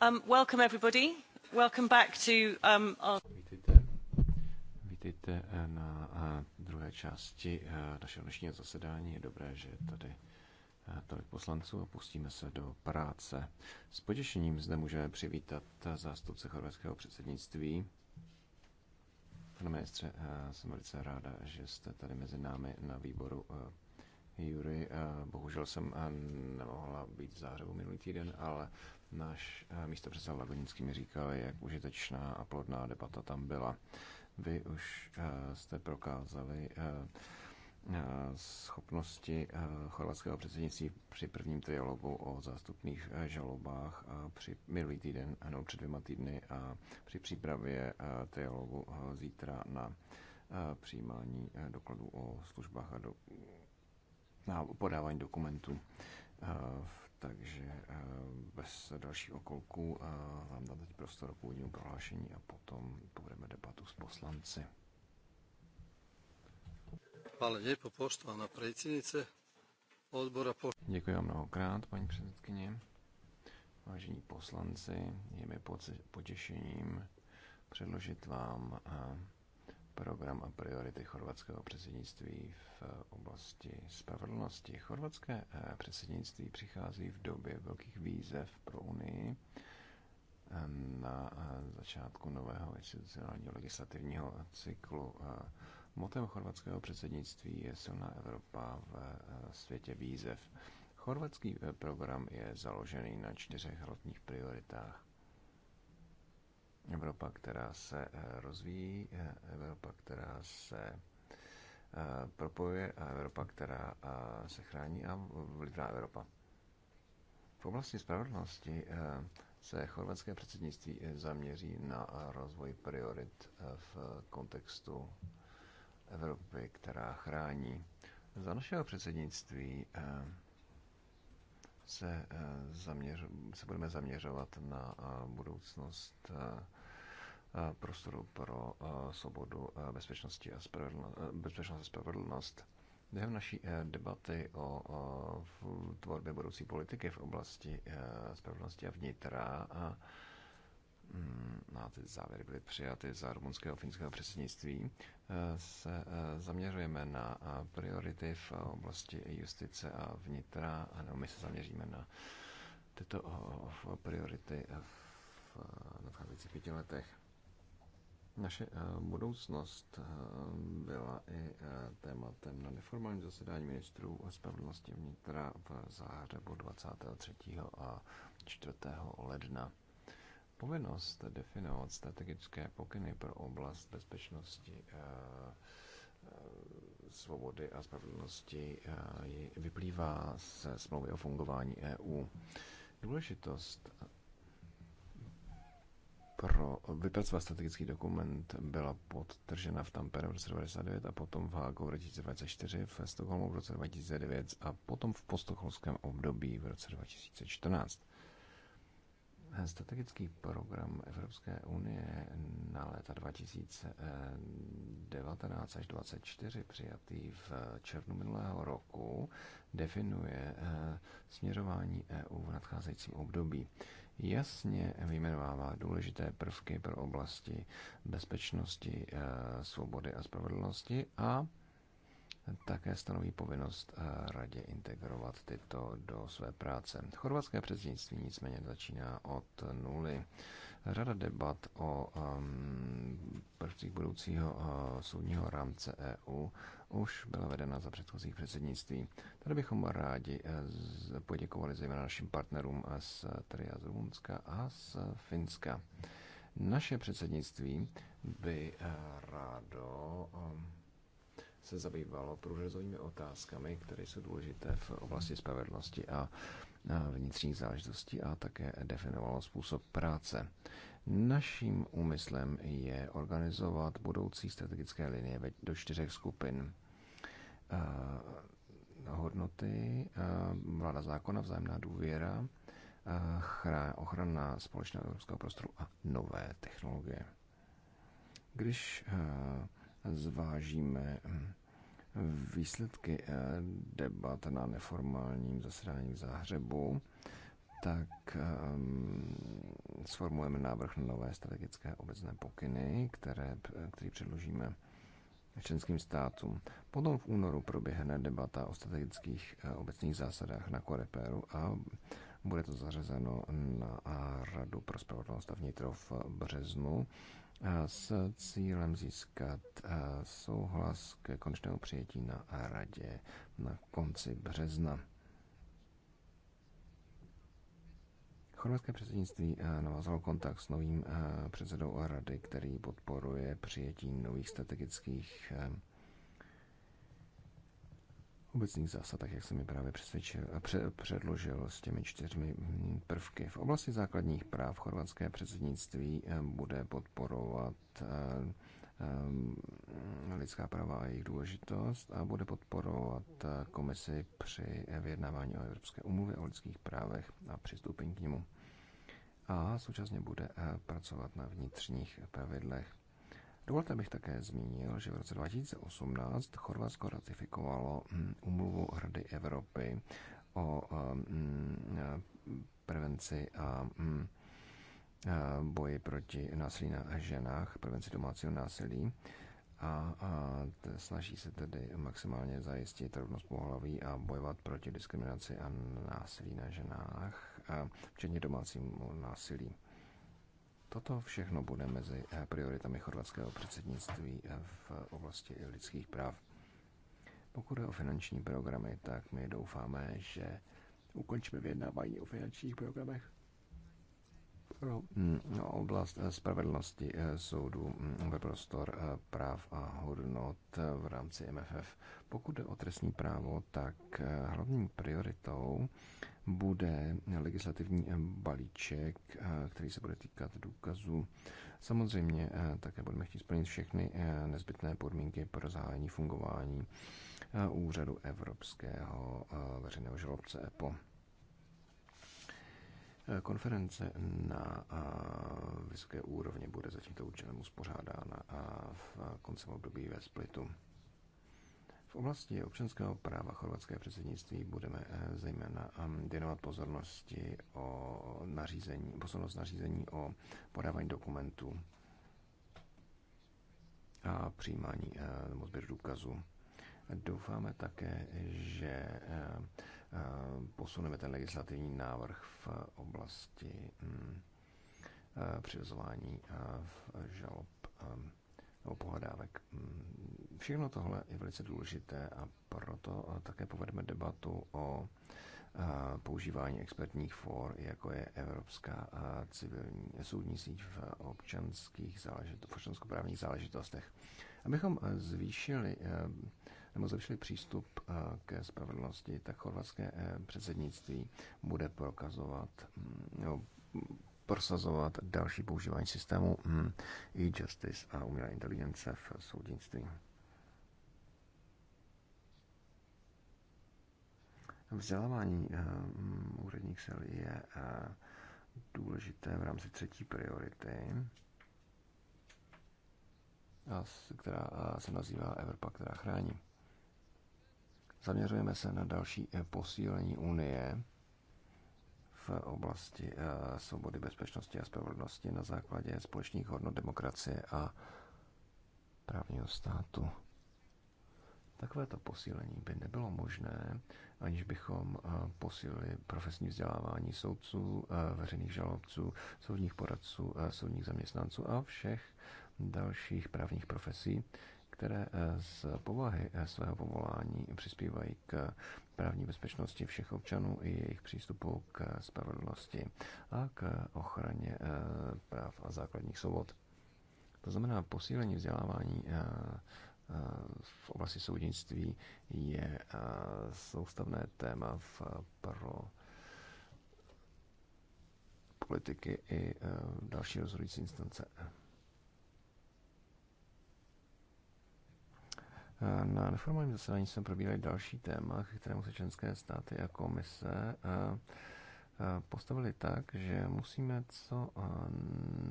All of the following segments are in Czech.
Um, welcome everybody. Welcome back to um, our... Vítejte. Vítejte eh, na eh, druhé části eh, našeho dnešního zasedání. Je dobré, že je tady tolik poslanců a pustíme se do práce. S potěšením zde můžeme přivítat zástupce chorvatského předsednictví. Pane ministře, jsem velice ráda, že jste tady mezi námi na výboru Jury. Eh, bohužel jsem eh, nemohla být v Záhřebu minulý týden, ale náš eh, místo předseda Lagonický mi říkal, jak užitečná a plodná debata tam byla. Vy už jste prokázali schopnosti chorvatského předsednictví při prvním trialogu o zástupných žalobách a při minulý týden, ano, před dvěma týdny a při přípravě trialogu zítra na přijímání dokladů o službách a do, na podávání dokumentů. Eh, takže eh, bez dalších okolků eh, vám dám teď prostor k úvodnímu prohlášení a potom povedeme debatu s poslanci. Hvala lijepo, poštovana predsjednice odbora. Po... Děkuji vám mnohokrát, paní předsedkyně. Vážení poslanci, je mi potěšením předložit vám program a priority chorvatského předsednictví v oblasti spravedlnosti. Chorvatské eh, předsednictví přichází v době velkých výzev pro Unii eh, na eh, začátku nového institucionálního legislativního cyklu. Motem chorvatského předsednictví je silná Evropa v světě výzev. Chorvatský program je založený na čtyřech hlavních prioritách Evropa, která se eh, rozvíjí, eh, Evropa, která se eh, propojuje a Evropa, která se chrání a vlivná Evropa. V oblasti spravedlnosti se chorvatské předsednictví zaměří na rozvoj priorit v kontextu Evropy, která chrání. Za našeho předsednictví se, zaměř, se budeme zaměřovat na budoucnost Eh, prostoru pro eh, svobodu, eh, bezpečnosti a bezpečnost a spravedlnost. Během naší debaty o, tvorbě budoucí politiky v oblasti spravedlnosti a vnitra a, mm, a ty závěry byly přijaty za rumunského finského předsednictví, se zaměřujeme na priority v oblasti justice a vnitra, a my se zaměříme na tyto priority v nadcházejících pěti letech. Naše eh, budoucnost eh, byla i eh, tématem na neformálním zasedání ministrů spravedlnosti vnitra v Záhřebu 23. a 4. ledna. Povinnost definovat strategické pokyny pro oblast bezpečnosti, svobody a spravedlnosti vyplývá ze smlouvy o fungování EU. Důležitost pro vypracovat strategický dokument byla podtržena v Tampere v roce 1999 a potom v Hágu v roce 2024, v Stockholmu v roce 2009 a potom v postocholském období v roce 2014. Strategický program Evropské unie na léta 2019 až 2024, přijatý v červnu minulého roku, definuje eh, směrování EU v nadcházejícím období jasně vyjmenovává důležité prvky pro oblasti bezpečnosti, eh, svobody a spravedlnosti a také stanoví povinnost eh, radě integrovat tyto do své práce. Chorvatské předsednictví nicméně začíná od nuly řada debat o um, prvcích budoucího uh, soudního rámce EU už byla vedena za předchozích předsednictví. Tady bychom rádi uh, poděkovali zejména našim partnerům eh, z, tedy z Rumunska a z Finska. Naše předsednictví by uh, rádo um, se zabývalo průřezovými otázkami, které jsou důležité v oblasti spravedlnosti a uh, vnitřních záležitostí a také definovalo způsob práce. Naším úmyslem je organizovat budoucí strategické linie do čtyřech skupin. Hodnoty, vláda zákona, vzájemná důvěra, ochrana společného evropského prostoru a nové technologie. Když zvážíme hm, výsledky eh, debat na neformálním zasedání v Záhřebu, tak um, návrh na nové strategické obecné pokyny, které, eh, který předložíme členským státům. Potom v únoru proběhne debata o strategických eh, obecných zásadách na Koreperu a bude to zařazeno na Radu pro spravedlnost a vnitro v březnu s cílem získat souhlas ke konečnému přijetí na radě na konci března. Chorvatské předsednictví navázalo kontakt s novým předsedou rady, který podporuje přijetí nových strategických obecných zásad, tak jak jsem je právě přesvědčil, pře, předložil s těmi čtyřmi prvky. V oblasti základních práv chorvatské předsednictví eh, bude podporovat eh, eh, lidská práva a jejich důležitost a bude podporovat komisi při vyjednávání o Evropské umluvě o lidských právech a přistoupení k němu. A současně bude pracovat na vnitřních pravidlech Dovolte bych také zmínil, že v roce 2018 Chorvatsko ratifikovalo umluvu hm, Rady Evropy o hm, prevenci hm, a boji proti násilí na ženách, prevenci domácího násilí a, a snaží se tedy maximálně zajistit rovnost pohlaví a bojovat proti diskriminaci a násilí na ženách, včetně domácímu násilí. Toto všechno bude mezi eh, prioritami chorvatského předsednictví eh, v oblasti lidských práv. Pokud je o finanční programy, tak my doufáme, že ukončíme vyjednávání o finančních programech pro mm, no, oblast eh, spravedlnosti soudu mm, ve prostor práv a hodnot v rámci MFF. Pokud jde o trestní právo, tak hlavní prioritou bude legislativní eh, balíček, eh, který se bude týkat důkazů. Samozřejmě eh, také budeme chtít splnit všechny nezbytné podmínky pro zahájení fungování úřadu Evropského veřejného žalobce EPO. Konference na vysoké úrovni bude za tímto účelem uspořádána v koncem období ve Splitu. V oblasti občanského práva chorvatské předsednictví budeme eh, zejména ehm, věnovat pozornosti o nařízení, pozornost nařízení o podávání dokumentů a přijímání eh, nebo sběr důkazů. Doufáme také, že eh, posuneme ten legislativní návrh v oblasti hm, přirozování v žalob ehm, nebo pohledávek. Mm, všechno tohle je velice důležité a proto eh, také povedeme debatu o eh, používání expertních for, jako je Evropská eh, civilní soudní síť v občanských záležitostech, v občanskoprávních záležitostech. Abychom zvýšili nebo zlepšili přístup ke spravedlnosti, tak chorvatské předsednictví bude prokazovat, mm, nebo prosazovat další používání systému hm, e-justice a umělé inteligence v soudnictví. Vzdělávání eh, hm, úředních sil je eh, důležité v rámci třetí priority, která se nazývá Evropa, která chrání. Zaměřujeme se na další eh, posílení Unie v oblasti eh, svobody, bezpečnosti a spravedlnosti na základě společných hodnot demokracie a právního státu. Takovéto posílení by nebylo možné, aniž bychom eh, posílili profesní vzdělávání soudců, eh, veřejných žalobců, soudních poradců, soudních zaměstnanců a všech dalších právních profesí, které eh, z povahy eh, svého povolání přispívají k právní bezpečnosti všech občanů i jejich přístupu k spravedlnosti a k ochraně eh, práv a základních svobod. To znamená, posílení vzdělávání v oblasti soudnictví je soustavné téma v pro politiky i další rozhodující instance. Eh, na neformálním zasedání jsme probírali další téma, kterému se členské státy a komise eh, eh, postavili tak, že musíme co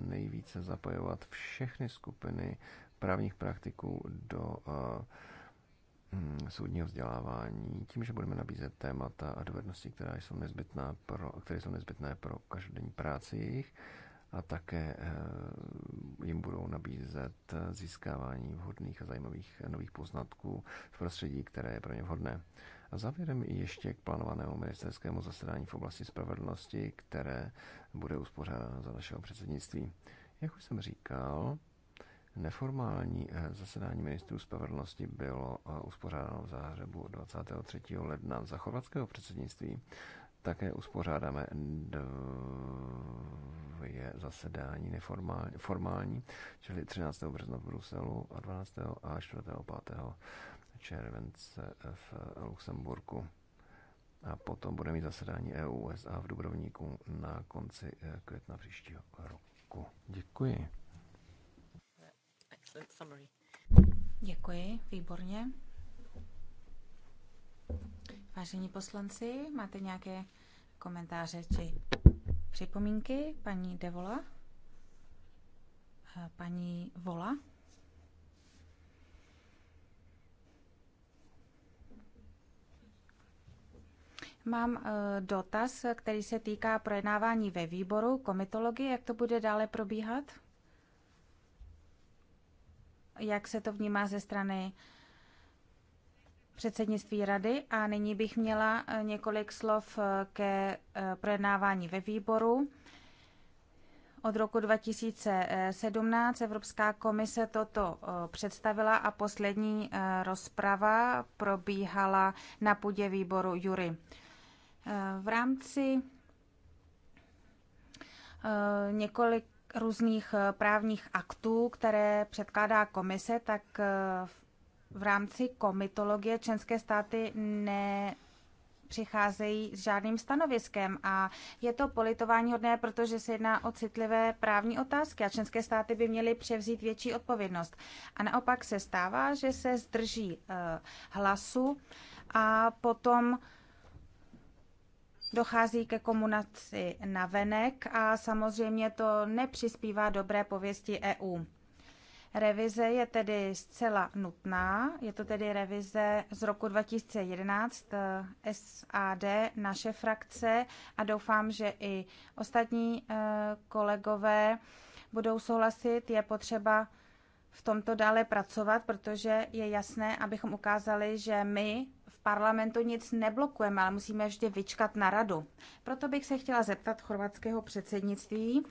nejvíce zapojovat všechny skupiny právních praktiků do hm, soudního vzdělávání, tím, že budeme nabízet témata a dovednosti, které jsou nezbytné pro, které jsou nezbytné pro každodenní práci jejich, a také eh, jim budou nabízet eh, získávání vhodných a zajímavých eh, nových poznatků v prostředí, které je pro ně vhodné. A závěrem ještě k plánovanému ministerskému zasedání v oblasti spravedlnosti, které bude uspořádáno za našeho předsednictví. Jak už jsem říkal, Neformální zasedání ministrů spravedlnosti bylo uspořádáno v Záhřebu 23. ledna za chorvatského předsednictví. Také uspořádáme dvě zasedání neformální, formální, čili 13. března v Bruselu a 12. a 4. 5. července v Luxemburku. A potom bude mít zasedání EU-USA v Dubrovníku na konci eh, května příštího roku. Děkuji. Děkuji, výborně. Vážení poslanci, máte nějaké komentáře či připomínky? Paní Devola? Eh, paní Vola? Mám eh, dotaz, který se týká projednávání ve výboru komitologie. Jak to bude dále probíhat? Jak se to vnímá ze strany uh, předsednictví rady a nyní bych měla eh, několik slov eh, ke eh, projednávání ve výboru. Od roku 2017 Evropská komise toto představila a poslední rozprava probíhala na půdě výboru Jury. V rámci několik různých právních aktů, které předkládá komise, tak v v rámci komitologie členské státy ne přicházejí s žádným stanoviskem a je to politování hodné, protože se jedná o citlivé právní otázky a členské státy by měly převzít větší odpovědnost. A naopak se stává, že se zdrží uh, hlasu a potom Dochází ke komunaci na venek a samozřejmě to nepřispívá dobré pověsti EU. Revize je tedy zcela nutná, je to tedy revize z roku 2011 eh, SAD, naše frakce a doufám, že i ostatní eh, kolegové budou souhlasit, je potřeba v tomto dále pracovat, protože je jasné, abychom ukázali, že my parlamentu nic neblokujeme, ale musíme vždy vyčkat na radu. Proto bych se chtěla zeptat chorvatského předsednictví,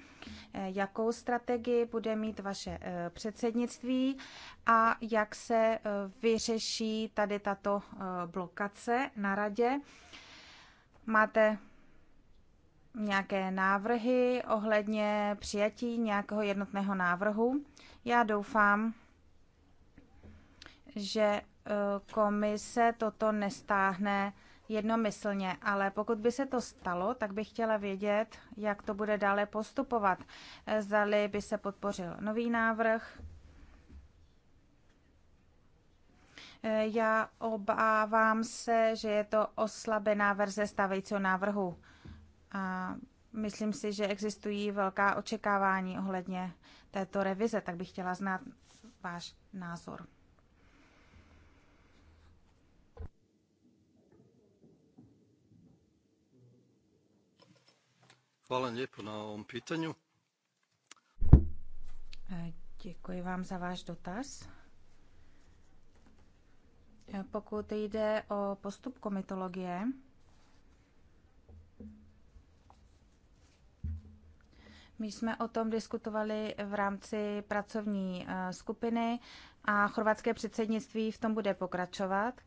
eh, jakou strategii bude mít vaše eh, předsednictví a jak se eh, vyřeší tady tato blokace na radě. Máte nějaké návrhy ohledně přijatí nějakého jednotného návrhu. Já doufám, že Eh, komise toto nestáhne jednomyslně, ale pokud by se to stalo, tak bych chtěla vědět, jak to bude dále postupovat. Eh, zdali by se podpořil nový návrh. Eh, já obávám se, že je to oslabená verze stávajícího návrhu. A myslím si, že existují velká očekávání ohledně této revize, tak bych chtěla znát váš názor. Hvala lijepo na ovom pitanju. E, děkuji vám za váš dotaz. E, pokud jde o postup komitologie, My jsme o tom diskutovali v rámci pracovní e, skupiny a chorvatské předsednictví v tom bude pokračovat.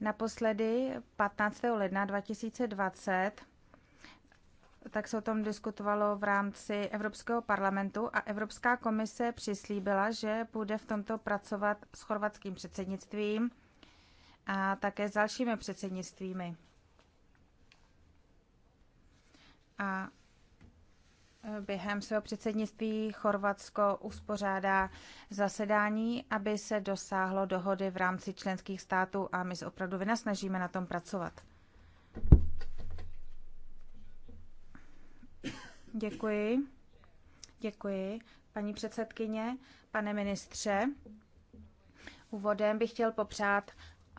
Naposledy 15. ledna 2020 tak se o tom diskutovalo v rámci Evropského parlamentu a Evropská komise přislíbila, že bude v tomto pracovat s chorvatským předsednictvím a také s dalšími předsednictvími. A e, během svého předsednictví Chorvatsko uspořádá zasedání, aby se dosáhlo dohody v rámci členských států a my se opravdu vynasnažíme na tom pracovat. Děkuji. Děkuji, paní předsedkyně, pane ministře. Úvodem bych chtěl popřát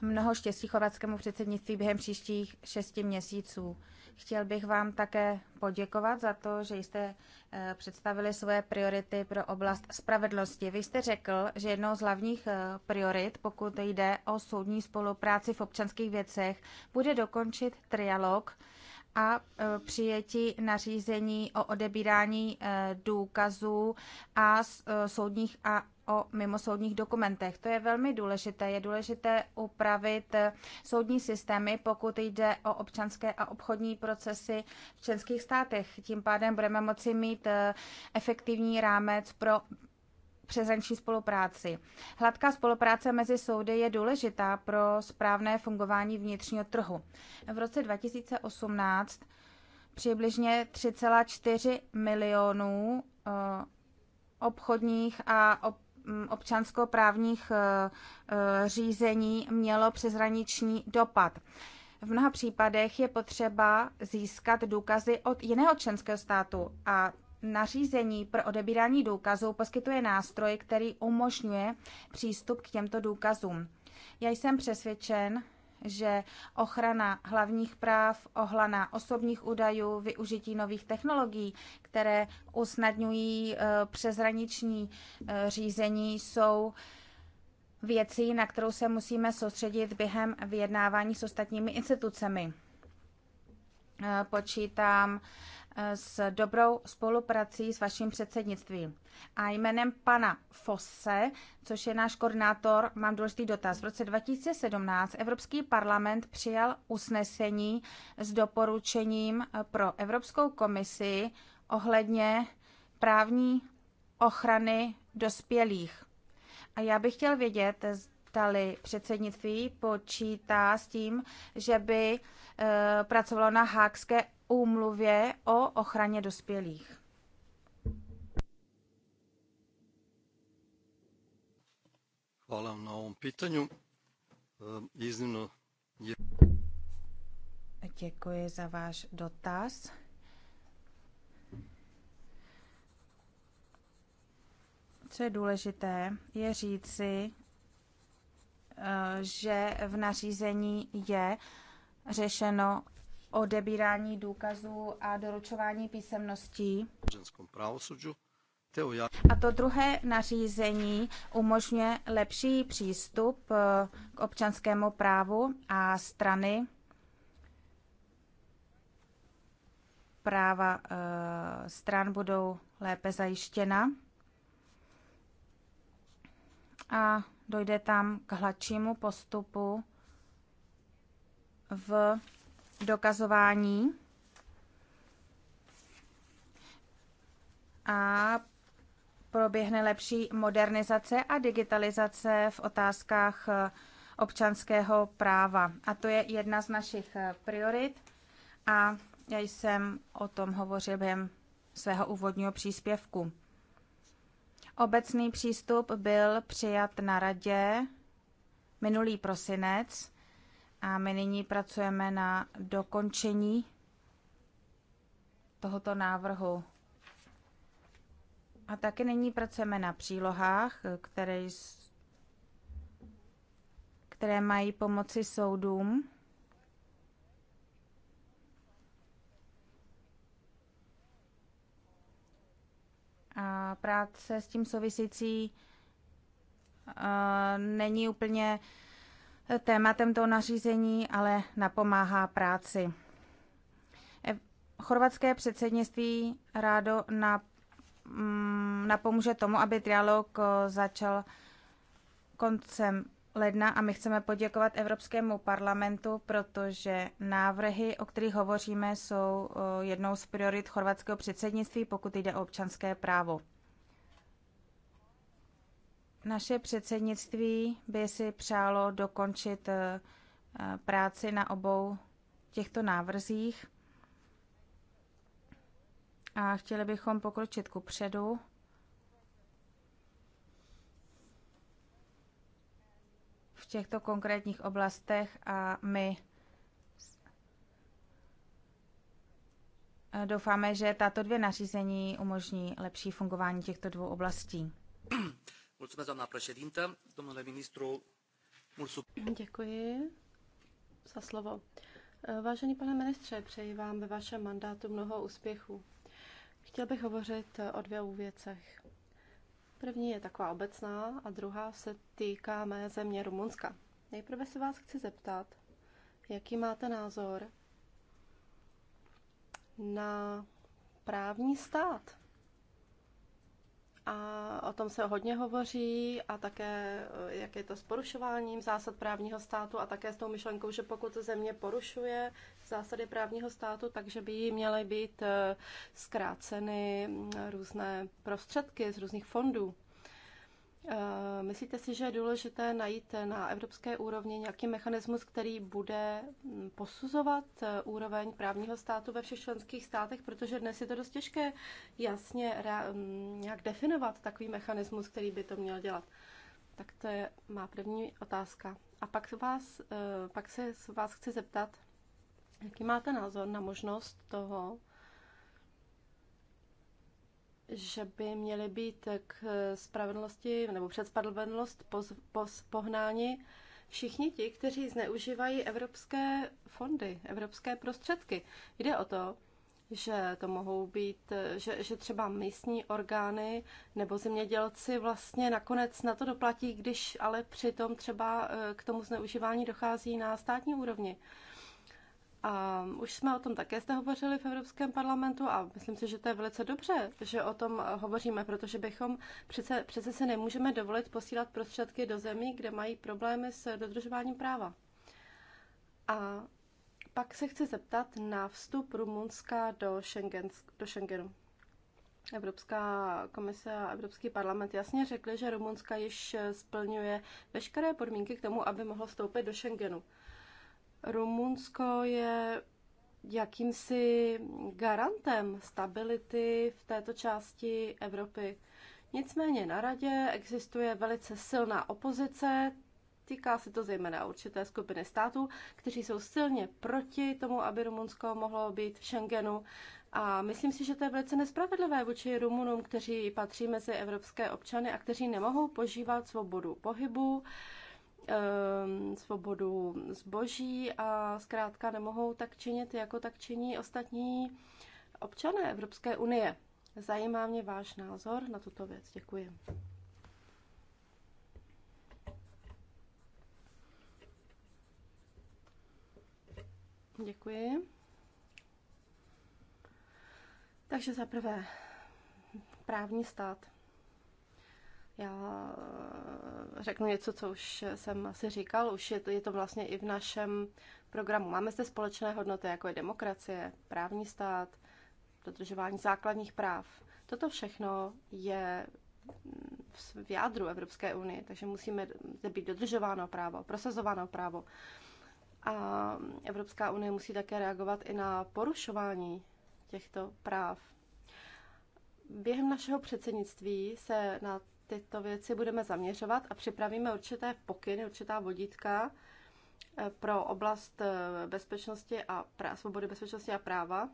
mnoho štěstí chorvatskému předsednictví během příštích šesti měsíců. Chtěl bych vám také poděkovat za to, že jste eh, představili svoje priority pro oblast spravedlnosti. Vy jste řekl, že jednou z hlavních eh, priorit, pokud jde o soudní spolupráci v občanských věcech, bude dokončit trialog a e, přijetí nařízení o odebírání e, důkazů a e, soudních a o mimosoudních dokumentech. To je velmi důležité. Je důležité upravit soudní systémy, pokud jde o občanské a obchodní procesy v členských státech. Tím pádem budeme moci mít efektivní rámec pro přezanční spolupráci. Hladká spolupráce mezi soudy je důležitá pro správné fungování vnitřního trhu. V roce 2018 přibližně 3,4 milionů eh, obchodních a mm, občanskoprávních eh, eh, řízení mělo přeshraniční dopad. V mnoha případech je potřeba získat důkazy od jiného členského státu a Nařízení pro odebírání důkazů poskytuje nástroj, který umožňuje přístup k těmto důkazům. Já jsem přesvědčen, že ochrana hlavních práv, ohlana osobních údajů, využití nových technologií, které usnadňují eh, přezraniční eh, řízení, jsou věcí, na kterou se musíme soustředit během vyjednávání s ostatními institucemi. Eh, počítám s dobrou spoluprací s vaším předsednictvím. A jménem pana Fosse, což je náš koordinátor, mám důležitý dotaz. V roce 2017 Evropský parlament přijal usnesení s doporučením pro Evropskou komisi ohledně právní ochrany dospělých. A já bych chtěl vědět, zdali předsednictví počítá s tím, že by eh, pracovalo na hákské úmluvě o ochraně dospělých. Hvala na ovom pitanju. E, iznimno je... Děkuji za váš dotaz. Co je důležité, je říci, e, že v nařízení je řešeno odebírání důkazů a doručování písemností. A to druhé nařízení umožňuje lepší přístup eh, k občanskému právu a strany práva eh, stran budou lépe zajištěna a dojde tam k hladšímu postupu v dokazování a proběhne lepší modernizace a digitalizace v otázkách eh, občanského práva. A to je jedna z našich eh, priorit a já jsem o tom hovořil během svého úvodního příspěvku. Obecný přístup byl přijat na radě minulý prosinec a my nyní pracujeme na dokončení tohoto návrhu. A taky nyní pracujeme na přílohách, které, které mají pomoci soudům. A práce s tím souvisící eh, není úplně tématem toho nařízení, ale napomáhá práci. Chorvatské předsednictví rádo mm, napomůže tomu, aby trialog eh, začal koncem ledna a my chceme poděkovat Evropskému parlamentu, protože návrhy, o kterých hovoříme, jsou eh, jednou z priorit chorvatského předsednictví, pokud jde o občanské právo. Naše předsednictví by si přálo dokončit eh, práci na obou těchto návrzích a chtěli bychom pokročit ku předu. v těchto konkrétních oblastech a my doufáme, že tato dvě nařízení umožní lepší fungování těchto dvou oblastí. Mulțumesc, doamna președintă. Domnule ministru, mulțumesc. Děkuji za slovo. Vážený pane ministře, přeji vám ve vašem mandátu mnoho úspěchů. Chtěl bych hovořit o dvou věcech. První je taková obecná a druhá se týká mé země Rumunska. Nejprve se vás chci zeptat, jaký máte názor na právní stát a o tom se hodně hovoří a také, jak je to s porušováním zásad právního státu a také s tou myšlenkou, že pokud země porušuje zásady právního státu, takže by jí měly být eh, zkráceny mm, různé prostředky z různých fondů. Eh, myslíte si, že je důležité najít na evropské úrovni nějaký mechanismus, který bude mm, posuzovat eh, úroveň právního státu ve všech členských státech, protože dnes je to dost těžké jasně mm, nějak definovat takový mechanismus, který by to měl dělat. Tak to je má první otázka. A pak, vás, eh, pak se vás chci zeptat, jaký máte názor na možnost toho, že by měli být k spravedlnosti nebo před spravedlnost poz, poz, pohnáni všichni ti, kteří zneužívají evropské fondy, evropské prostředky. Jde o to, že to mohou být, že, že třeba místní orgány nebo zemědělci vlastně nakonec na to doplatí, když ale přitom třeba eh, k tomu zneužívání dochází na státní úrovni. A už jsme o tom také jste hovořili v Evropském parlamentu a myslím si, že to je velice dobře, že o tom hovoříme, protože bychom přece, přece si nemůžeme dovolit posílat prostředky do zemí, kde mají problémy s dodržováním práva. A pak se chci zeptat na vstup Rumunska do, Schengen, do Schengenu. Evropská komise a Evropský parlament jasně řekli, že Rumunska již splňuje veškeré podmínky k tomu, aby mohlo vstoupit do Schengenu. Rumunsko je jakýmsi garantem stability v této části Evropy. Nicméně na radě existuje velice silná opozice, týká se to zejména určité skupiny států, kteří jsou silně proti tomu, aby Rumunsko mohlo být v Schengenu. A myslím si, že to je velice nespravedlivé vůči Rumunům, kteří patří mezi evropské občany a kteří nemohou požívat svobodu pohybu, Ehm, svobodu zboží a zkrátka nemohou tak činit, jako tak činí ostatní občané Evropské unie. Zajímá mě váš názor na tuto věc. Děkuji. Děkuji. Takže za prvé právní stát. Já eh, řeknu něco, co už jsem asi říkal, už je to, je to vlastně i v našem programu. Máme zde společné hodnoty, jako je demokracie, právní stát, dodržování základních práv. Toto všechno je v jádru Evropské unie, takže musíme zde být dodržováno právo, prosazováno právo. A Evropská unie musí také reagovat i na porušování těchto práv. Během našeho předsednictví se na tyto věci budeme zaměřovat a připravíme určité pokyny, určitá vodítka eh, pro oblast eh, bezpečnosti a prá- svobody bezpečnosti a práva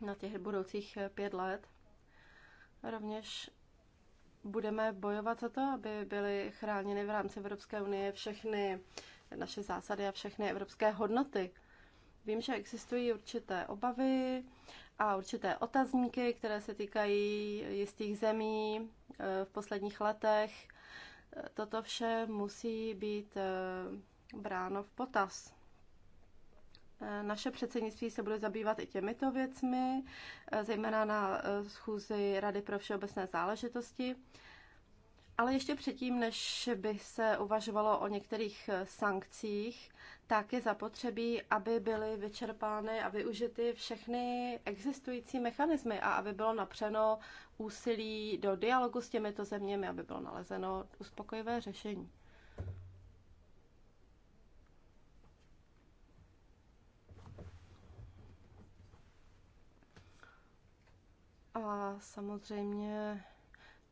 na těch budoucích eh, pět let. Rovněž budeme bojovat za to, aby byly chráněny v rámci Evropské unie všechny naše zásady a všechny evropské hodnoty. Vím, že existují určité obavy a určité otazníky, které se týkají jistých zemí eh, v posledních letech. Eh, toto vše musí být eh, bráno v potaz. Naše předsednictví se bude zabývat i těmito věcmi, zejména na schůzi Rady pro všeobecné záležitosti. Ale ještě předtím, než by se uvažovalo o některých eh, sankcích, tak je zapotřebí, aby byly vyčerpány a využity všechny existující mechanismy a aby bylo napřeno úsilí do dialogu s těmito zeměmi, aby bylo nalezeno uspokojivé řešení. A samozřejmě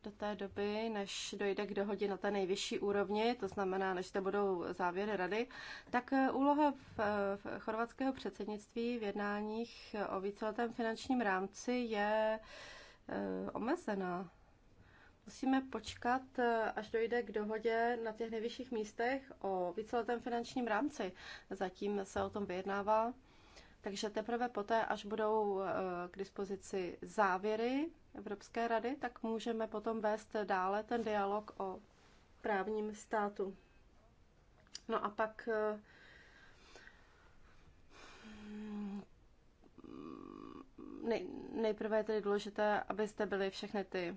do té doby, než dojde k dohodě na té nejvyšší úrovni, to znamená, než to budou závěry rady, tak eh, úloha v, eh, v chorvatského předsednictví v jednáních o víceletém finančním rámci je e, omezená. Musíme počkat, až dojde k dohodě na těch nejvyšších místech o víceletém finančním rámci. Zatím se o tom vyjednává. Takže teprve poté, až budou k dispozici závěry Evropské rady, tak můžeme potom vést dále ten dialog o právním státu. No a pak eh, nejprve je tedy důležité, abyste byli všechny ty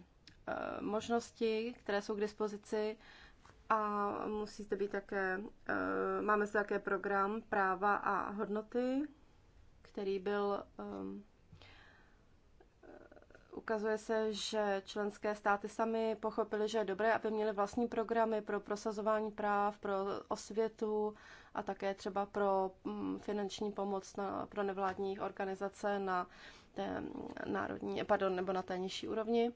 eh, možnosti, které jsou k dispozici a musíte být také, eh, máme zde také program práva a hodnoty, který byl um, Ukazuje se, že členské státy sami pochopily, že je dobré, aby měly vlastní programy pro prosazování práv, pro osvětu a také třeba pro mm, finanční pomoc na, pro nevládní organizace na té národní, pardon, nebo na té nižší úrovni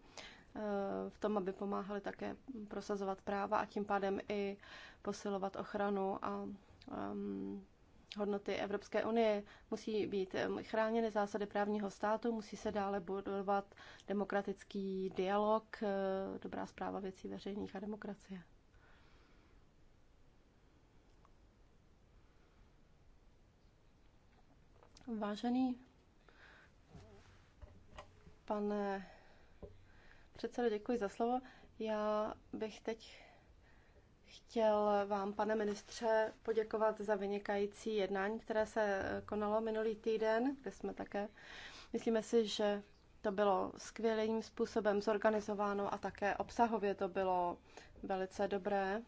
eh, v tom, aby pomáhali také prosazovat práva a tím pádem i posilovat ochranu a um, hodnoty Evropské unie. Musí být eh, chráněny zásady právního státu, musí se dále budovat demokratický dialog, eh, dobrá zpráva věcí veřejných a demokracie. Vážený pane předsedo, děkuji za slovo. Já bych teď chtěl vám, pane ministře, poděkovat za vynikající jednání, které se konalo minulý týden, kde jsme také. Myslíme si, že to bylo skvělým způsobem zorganizováno a také obsahově to bylo velice dobré.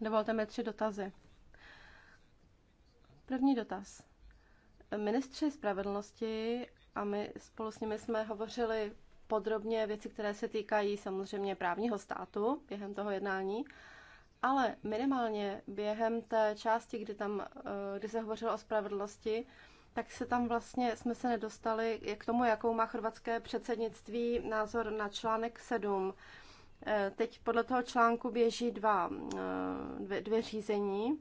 Dovolte mi tři dotazy. První dotaz. Ministři spravedlnosti a my spolu s nimi jsme hovořili podrobně věci, které se týkají samozřejmě právního státu během toho jednání, ale minimálně během té části, kdy, tam, eh, kdy se hovořilo o spravedlnosti, tak se tam vlastně jsme se nedostali k tomu, jakou má chorvatské předsednictví názor na článek 7. Eh, teď podle toho článku běží dva, eh, dvě, dvě řízení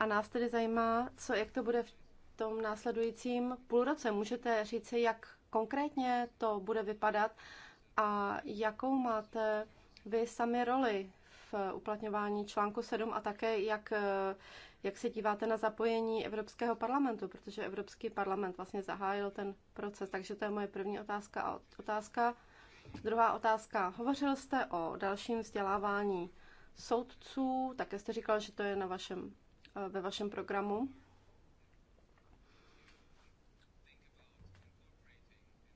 a nás tedy zajímá, co, jak to bude v tom následujícím půlroce. Můžete říct, jak konkrétně to bude vypadat a jakou máte vy sami roli v uplatňování článku 7 a také jak, jak se díváte na zapojení Evropského parlamentu, protože Evropský parlament vlastně zahájil ten proces, takže to je moje první otázka. A otázka, druhá otázka. Hovořil jste o dalším vzdělávání soudců, také jste říkal, že to je na vašem, ve vašem programu.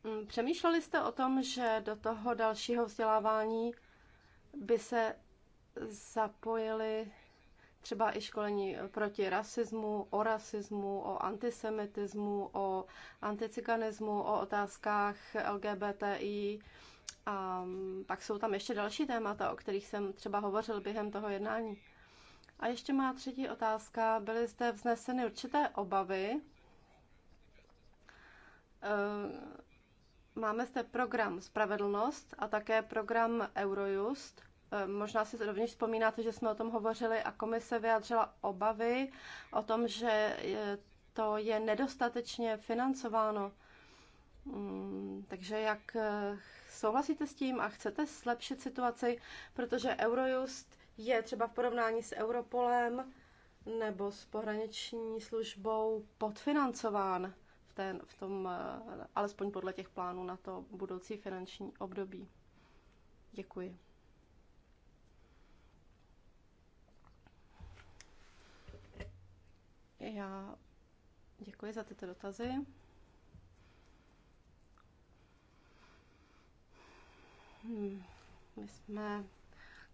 Mm, přemýšleli jste o tom, že do toho dalšího vzdělávání by se zapojili třeba i školení proti rasismu, o rasismu, o antisemitismu, o anticiganismu, o otázkách LGBTI. A mm, pak jsou tam ještě další témata, o kterých jsem třeba hovořil během toho jednání. A ještě má třetí otázka. Byly zde vzneseny určité obavy Máme zde program Spravedlnost a také program Eurojust. E, možná si rovněž vzpomínáte, že jsme o tom hovořili a komise vyjádřila obavy o tom, že e, to je nedostatečně financováno. Mm, takže jak e, souhlasíte s tím a chcete zlepšit situaci, protože Eurojust je třeba v porovnání s Europolem nebo s pohraniční službou podfinancován té, v tom, eh, alespoň podle těch plánů na to budoucí finanční období. Děkuji. Já děkuji za tyto dotazy. Hmm, my jsme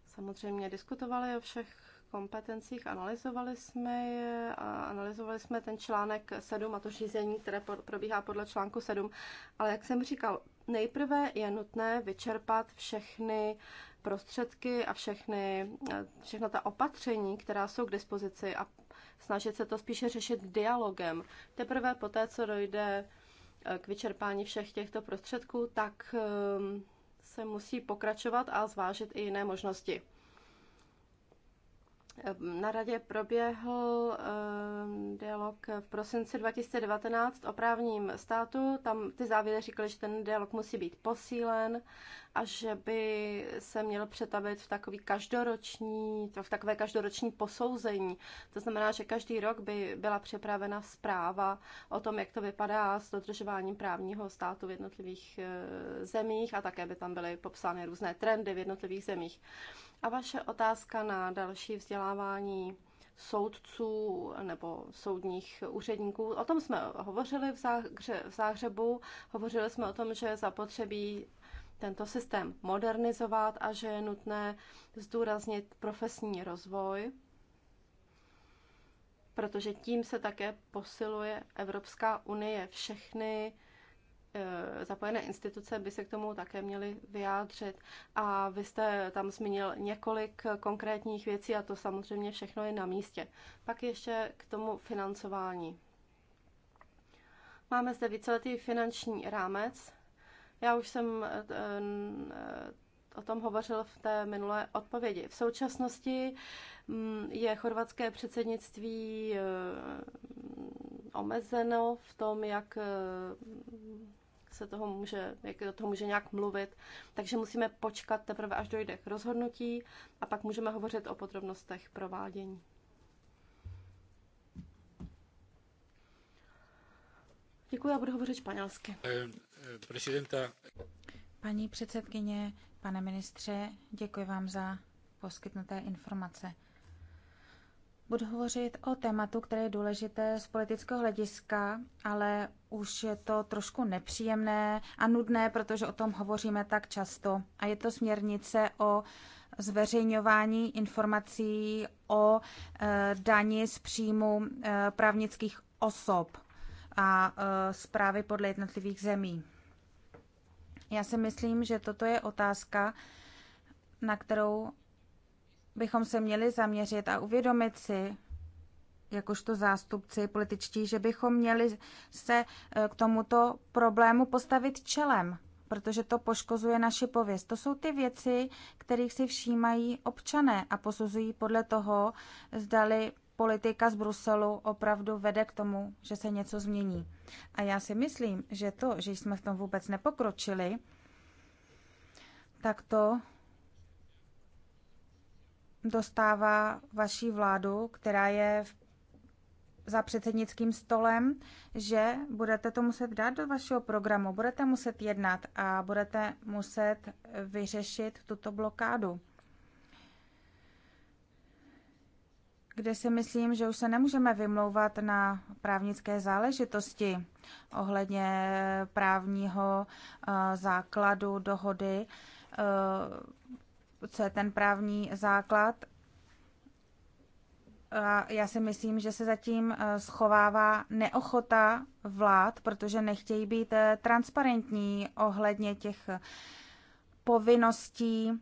samozřejmě diskutovali o všech kompetencích, analyzovali jsme je a analyzovali jsme ten článek 7 a to řízení, které probíhá podle článku 7. Ale jak jsem říkal, nejprve je nutné vyčerpat všechny prostředky a všechny, všechna ta opatření, která jsou k dispozici a snažit se to spíše řešit dialogem. Teprve poté, co dojde eh, k vyčerpání všech těchto prostředků, tak ehm, se musí pokračovat a zvážit i jiné možnosti. Na radě proběhl ehm, dialog v prosinci 2019 o právním státu. Tam ty závěry říkaly, že ten dialog musí být posílen a že by se měl přetavit v takový každoroční, v takové každoroční posouzení. To znamená, že každý rok by byla připravena zpráva o tom, jak to vypadá s dodržováním právního státu v jednotlivých e, zemích a také by tam byly popsány různé trendy v jednotlivých zemích. A vaše otázka na další vzdělávání soudců nebo soudních úředníků. O tom jsme hovořili v, Záhře, v Záhřebu, hovořili jsme o tom, že zapotřebí tento systém modernizovat a že je nutné zdůraznit profesní rozvoj, protože tím se také posiluje Evropská unie. Všechny eh, zapojené instituce by se k tomu také měly vyjádřit. A vy jste tam zmínil několik konkrétních věcí a to samozřejmě všechno je na místě. Pak ještě k tomu financování. Máme zde víceletý finanční rámec já už jsem eh, eh, o tom hovořil v té minulé odpovědi. V současnosti mm, je chorvatské předsednictví eh, omezeno v tom, jak se toho může, jak do toho může nějak mluvit. Takže musíme počkat teprve, až dojde k rozhodnutí a pak můžeme hovořit o podrobnostech provádění. Děkuji, já budu hovořit španělsky. Paní předsedkyně, pane ministře, děkuji vám za poskytnuté informace. Budu hovořit o tématu, které je důležité z politického hlediska, ale už je to trošku nepříjemné a nudné, protože o tom hovoříme tak často. A je to směrnice o zveřejňování informací o e, dani z příjmu e, právnických osob a e, zprávy podle jednotlivých zemí. Já si myslím, že toto je otázka, na kterou bychom se měli zaměřit a uvědomit si, jakožto zástupci političtí, že bychom měli se e, k tomuto problému postavit čelem, protože to poškozuje naši pověst. To jsou ty věci, kterých si všímají občané a posuzují podle toho, zdali politika z Bruselu opravdu vede k tomu, že se něco změní. A já si myslím, že to, že jsme v tom vůbec nepokročili, tak to dostává vaší vládu, která je v za předsednickým stolem, že budete to muset dát do vašeho programu, budete muset jednat a budete muset vyřešit tuto blokádu. kde si myslím, že už se nemůžeme vymlouvat na právnické záležitosti ohledně právního eh, základu dohody, eh, co je ten právní základ. A já si myslím, že se zatím eh, schovává neochota vlád, protože nechtějí být transparentní ohledně těch povinností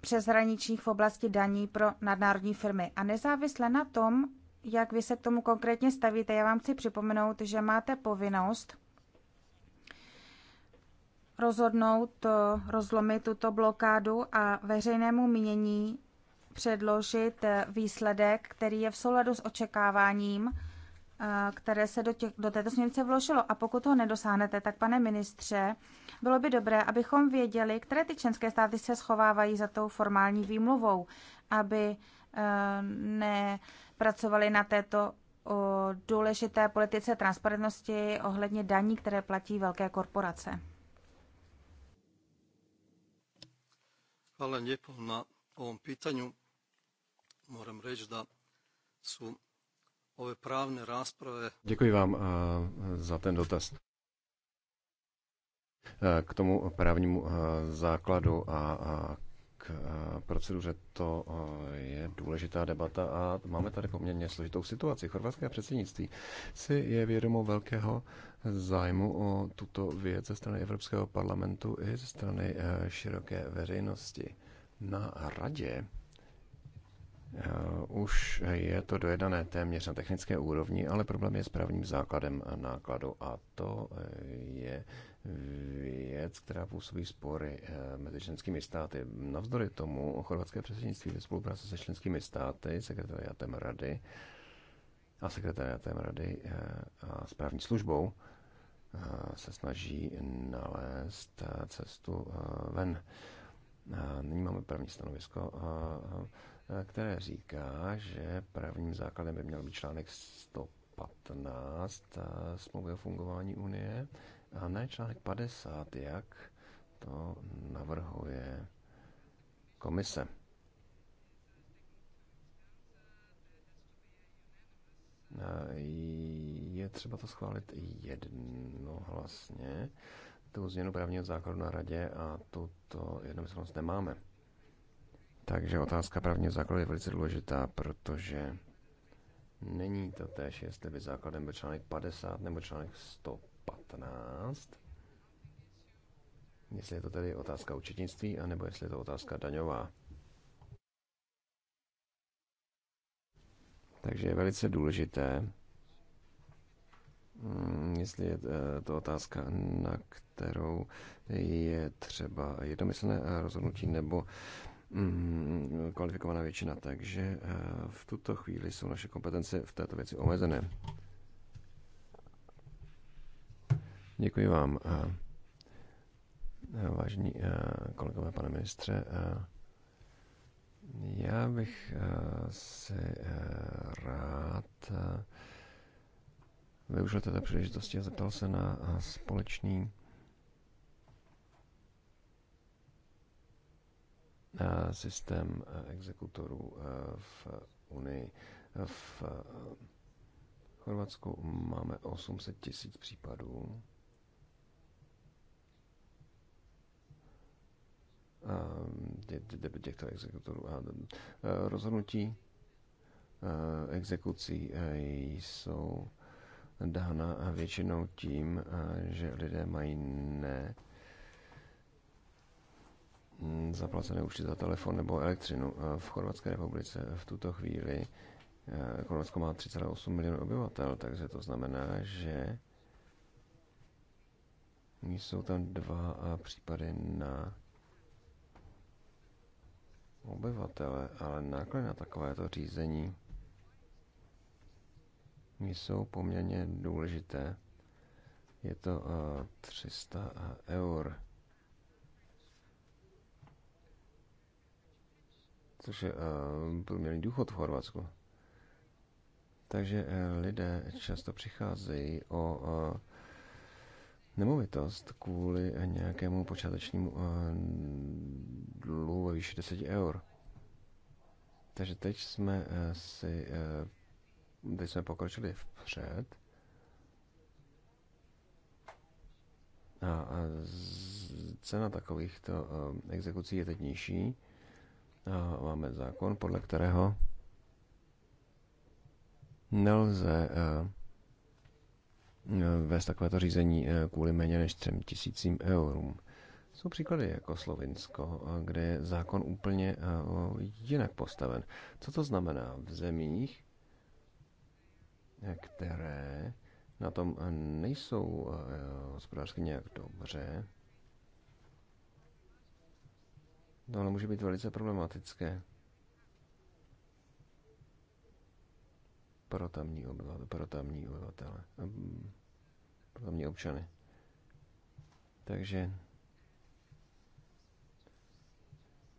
přeshraničních v oblasti daní pro nadnárodní firmy. A nezávisle na tom, jak vy se k tomu konkrétně stavíte, já vám chci připomenout, že máte povinnost rozhodnout, eh, rozlomit tuto blokádu a veřejnému mínění předložit eh, výsledek, který je v souladu s očekáváním které se do, těch, do této směrnice vložilo. A pokud ho nedosáhnete, tak pane ministře, bylo by dobré, abychom věděli, které ty členské státy se schovávají za tou formální výmluvou, aby e, nepracovali na této důležité politice transparentnosti ohledně daní, které platí velké korporace. Hvala na ovom pitanju. Moram reći da su ove právne rasprave. Děkuji vám eh, za ten dotaz. Eh, k tomu právnímu eh, základu a k proceduře to je důležitá debata a máme tady poměrně složitou situaci. Chorvatské předsednictví si je vědomo velkého zájmu o tuto věc ze strany Evropského parlamentu i ze strany široké veřejnosti. Na radě Eh, už je to dojedané téměř na technické úrovni, ale problém je s právním základem nákladu a to eh, je věc, která působí spory eh, mezi členskými státy. Navzdory tomu chorvatské předsednictví ve spolupráci se členskými státy, sekretariátem rady a sekretariátem rady a správní službou se snaží nalézt cestu ven. Nyní máme první stanovisko Eh, které říká, že právním základem by měl být článek 115 eh, smlouvy o fungování Unie a ne článek 50, jak to navrhuje komise. Eh, je třeba to schválit jednohlasně, tu změnu právního základu na radě a tuto jednomyslnost nemáme. Takže otázka právního základu je velice důležitá, protože není to též, jestli by základem byl článek 50 nebo článek 115. Jestli je to tedy otázka učitnictví, anebo jestli je to otázka daňová. Takže je velice důležité, mm, jestli je eh, to otázka, na kterou je třeba jednomyslné eh, rozhodnutí nebo Mm, kvalifikovaná většina, takže eh, v tuto chvíli jsou naše kompetence v této věci omezené. Děkuji vám, eh, vážení eh, kolegové, pane ministře. Já bych si rád využil této příležitosti a zeptal se na společný Eh, systém eh, exekutorů eh, v Unii. V Chorvatsku máme 800 tisíc případů. těchto exekutorů a rozhodnutí exekucí jsou dána většinou tím, že lidé mají ne Mm, zaplacené účty za telefon nebo elektřinu. Eh, v Chorvatské republice v tuto chvíli eh, Chorvatsko má 3,8 milionů obyvatel, takže to znamená, že jsou tam dva eh, případy na obyvatele, ale náklady na takovéto řízení jsou poměrně důležité. Je to 300 eur což je eh, průměrný důchod v Chorvatsku. Takže eh, lidé často přicházejí o eh, nemovitost kvůli nějakému počátečnímu dluhu ve výši 10 eur. Takže teď jsme si teď jsme pokročili vpřed a cena takovýchto exekucí je teď nižší a máme zákon, podle kterého nelze eh, eh, vést takovéto řízení eh, kvůli méně než 3 tisícím eurům. Jsou příklady jako Slovinsko, kde je zákon úplně jinak postaven. Co to znamená v zemích, které na tom nejsou hospodářsky nějak dobře, Tohle může být velice problematické pro tamní, obyvatele, pro tamní obyvatele, pro tamní občany. Takže,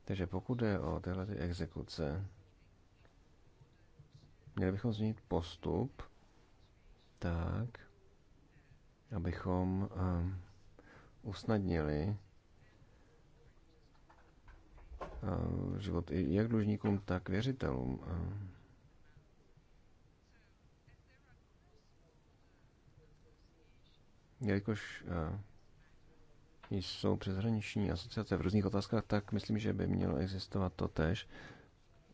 takže pokud jde o tyhle ty exekuce, měli bychom změnit postup tak, abychom um, usnadnili Eh, život i jak dlužníkům, tak věřitelům. Eh. Jelikož eh, jsou přeshraniční asociace v různých otázkách, tak myslím, že by mělo existovat to tež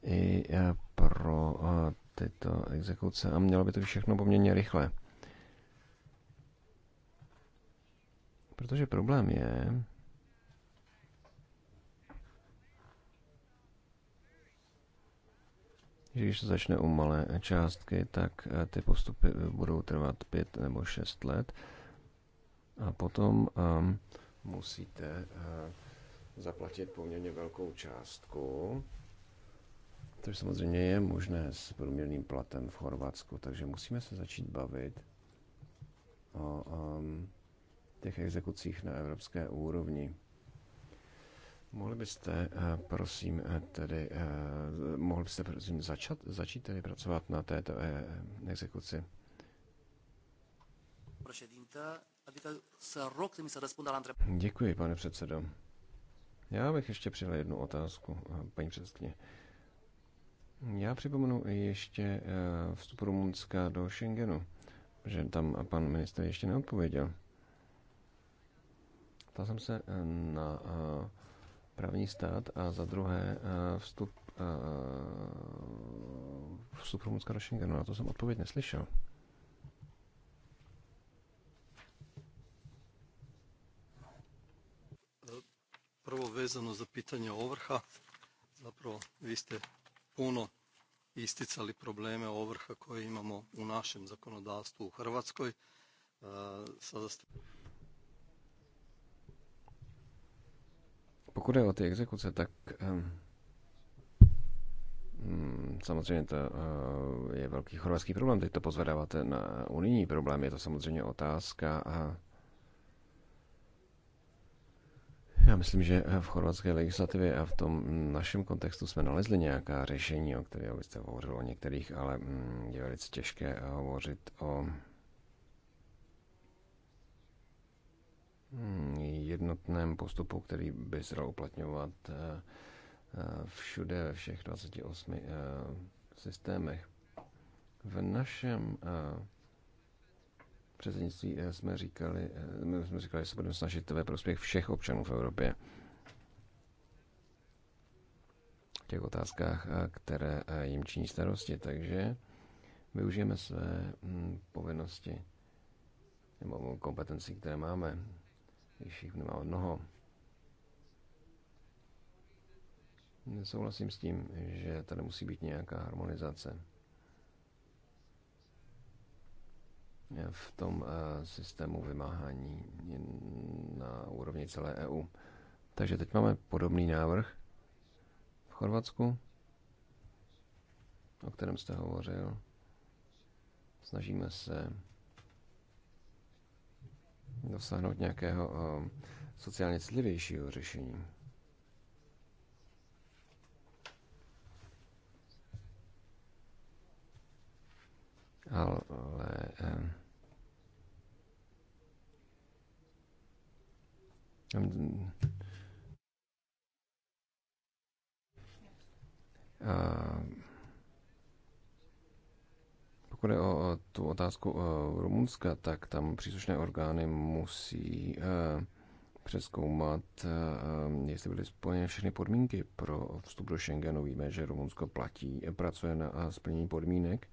i pro tyto exekuce a mělo by to všechno poměrně rychle. Protože problém je, že když se začne u malé částky, tak eh, ty postupy eh, budou trvat 5 nebo 6 let. A potom um, musíte uh, zaplatit poměrně velkou částku, což samozřejmě je možné s průměrným platem v Chorvatsku, takže musíme se začít bavit o um, těch exekucích na evropské úrovni. Mohli byste, eh, prosím, eh, tedy, eh, mohli byste, prosím, začat, začít tedy pracovat na této exekuci? Děkuji, pane předsedo. Já bych ještě přidal jednu otázku, paní předsedkyně. Já připomenu ještě vstup Rumunska do Schengenu, že tam pan minister ještě neodpověděl. Ptal jsem se na právní stát a za druhé eh, vstup, eh, vstup Rumunska do Schengenu. Na to jsem odpověď neslyšel. Prvo vezano za pitanje ovrha, zapravo vi ste puno isticali probleme ovrha koje imamo u našem zakonodavstvu u Hrvatskoj. Eh, sada ste... Pokud je o ty exekuce, tak ehm, mm, samozřejmě to eh, je velký chorvatský problém. Teď to pozvedáváte na unijní problém. Je to samozřejmě otázka a já myslím, že v chorvatské legislativě a v tom našem kontextu jsme nalezli nějaká řešení, o kterých byste hovořil o některých, ale mm, je velice těžké hovořit o jednotném postupu, který by se dal uplatňovat eh, eh, všude ve všech 28 eh, systémech. V našem předsednictví jsme říkali, my jsme říkali, že se budeme snažit ve prospěch všech občanů v Evropě. V těch otázkách, které jim činí starosti, takže využijeme své hm, povinnosti nebo kompetenci, které máme když jich nemá mnoho. Nesouhlasím s tím, že tady musí být nějaká harmonizace v tom eh, systému vymáhání na úrovni celé EU. Takže teď máme podobný návrh v Chorvatsku, o kterém jste hovořil. Snažíme se dosáhnout nějakého eh, sociálně citlivějšího řešení. Ale um, um, pokud je o tu otázku Rumunska, tak tam příslušné orgány musí e, přeskoumat, e, e, jestli byly splněny všechny podmínky pro vstup do Schengenu. Víme, že Rumunsko platí, pracuje na splnění podmínek.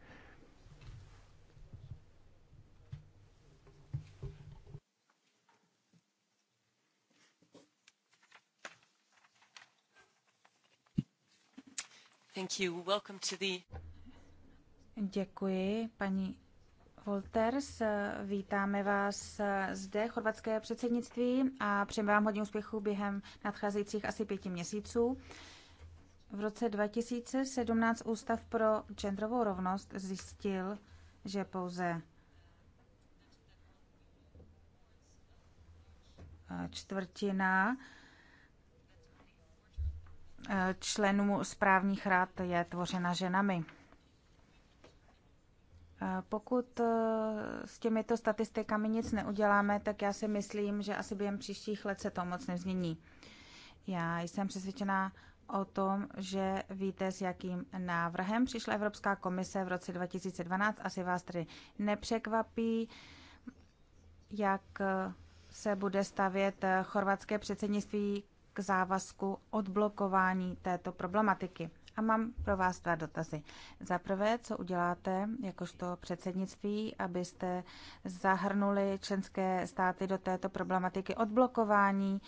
Thank you. Welcome to the Děkuji, paní Volters. Vítáme vás zde, chorvatské předsednictví, a přejeme vám hodně úspěchů během nadcházejících asi pěti měsíců. V roce 2017 Ústav pro genderovou rovnost zjistil, že pouze čtvrtina členů správních rad je tvořena ženami. Pokud e, s těmito statistikami nic neuděláme, tak já si myslím, že asi během příštích let se to moc nezmění. Já jsem přesvědčená o tom, že víte, s jakým návrhem přišla Evropská komise v roce 2012. Asi vás tedy nepřekvapí, jak e, se bude stavět e, chorvatské předsednictví k závazku odblokování této problematiky. A mám pro vás dva dotazy. Za prvé, co uděláte jakožto předsednictví, abyste zahrnuli členské státy do této problematiky odblokování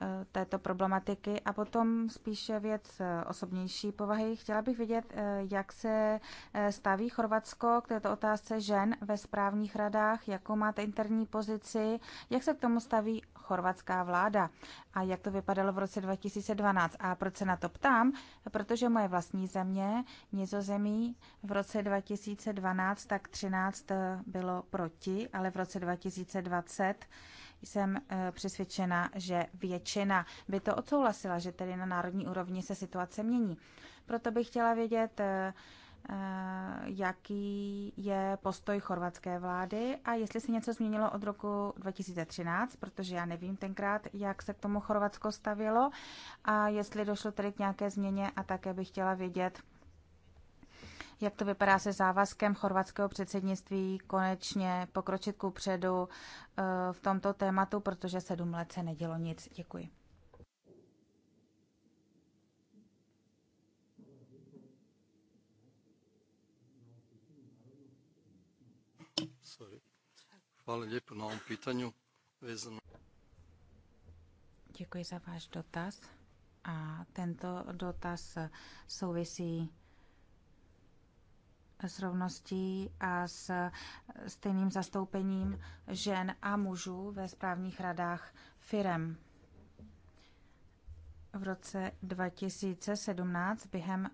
eh, této problematiky a potom spíše věc eh, osobnější povahy. Chtěla bych vidět, eh, jak se staví Chorvatsko k této otázce žen ve správních radách, jakou máte interní pozici, jak se k tomu staví chorvatská vláda a jak to vypadalo v roce 2012. A proč se na to ptám? Protože moje vlastní země, Nizozemí, v roce 2012 tak 13 eh, bylo proti, ale v roce 2020 jsem eh, přesvědčena, že většina by to odsouhlasila, že tedy na národní úrovni se situace mění. Proto bych chtěla vědět, eh, Eh, jaký je postoj chorvatské vlády a jestli se něco změnilo od roku 2013, protože já nevím tenkrát, jak se k tomu Chorvatsko stavilo a jestli došlo tedy k nějaké změně a také bych chtěla vědět, jak to vypadá se závazkem chorvatského předsednictví konečně pokročit ku předu eh, v tomto tématu, protože sedm let se nedělo nic. Děkuji. Hvala lijepo na ovom pitanju vezano. Děkuji za váš dotaz. A tento dotaz souvisí s rovností a s stejným zastoupením žen a mužů ve správních radách firem. V roce 2017 během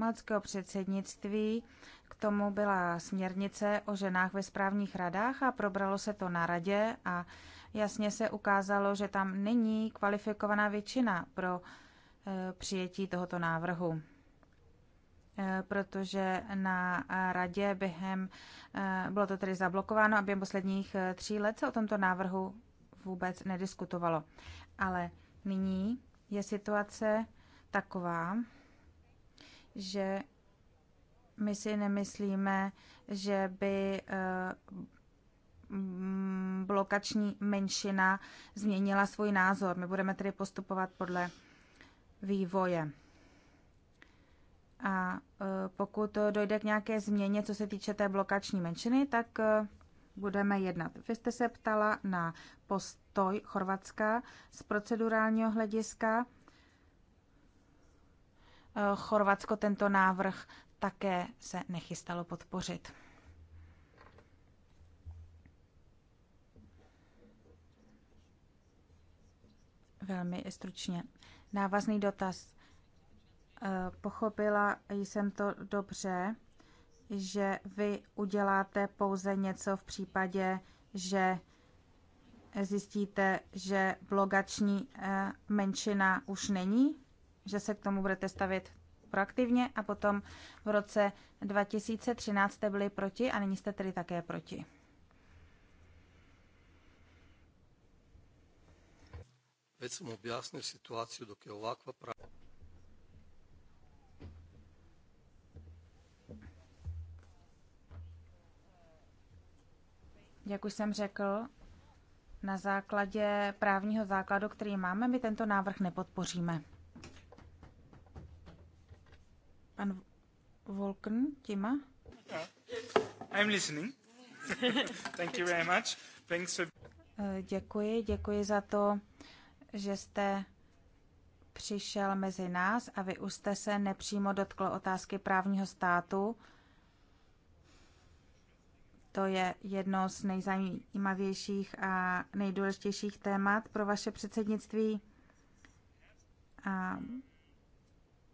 malckého předsednictví k tomu byla směrnice o ženách ve správních radách a probralo se to na radě a jasně se ukázalo, že tam není kvalifikovaná většina pro eh, přijetí tohoto návrhu eh, protože na eh, radě během, bylo to tedy zablokováno a během posledních tří let se o tomto návrhu vůbec nediskutovalo. Ale nyní je situace taková, že my si nemyslíme, že by eh, blokační menšina změnila svůj názor. My budeme tedy postupovat podle vývoje. A eh, pokud dojde k nějaké změně, co se týče té blokační menšiny, tak eh, budeme jednat. Vy jste se ptala na postoj Chorvatska z procedurálního hlediska. Eh, Chorvatsko tento návrh také se nechystalo podpořit. Velmi stručně. Návazný dotaz. Eh, pochopila jsem to dobře, že vy uděláte pouze něco v případě, že zjistíte, že blogační eh, menšina už není? že se k tomu budete stavět proaktivně a potom v roce 2013 jste byli proti a nyní jste tedy také proti. Već jsem objasnil situaci, dok je ovakva pravda. Jak už jsem řekl, na základě právního základu, který máme, my tento návrh nepodpoříme. Pan Volken, Tima. I'm listening. Thank you very much. Thanks for... Eh, děkuji, děkuji za to, že jste přišel mezi nás a vy už jste se nepřímo dotkl otázky právního státu. To je jedno z nejzajímavějších a nejdůležitějších témat pro vaše předsednictví. A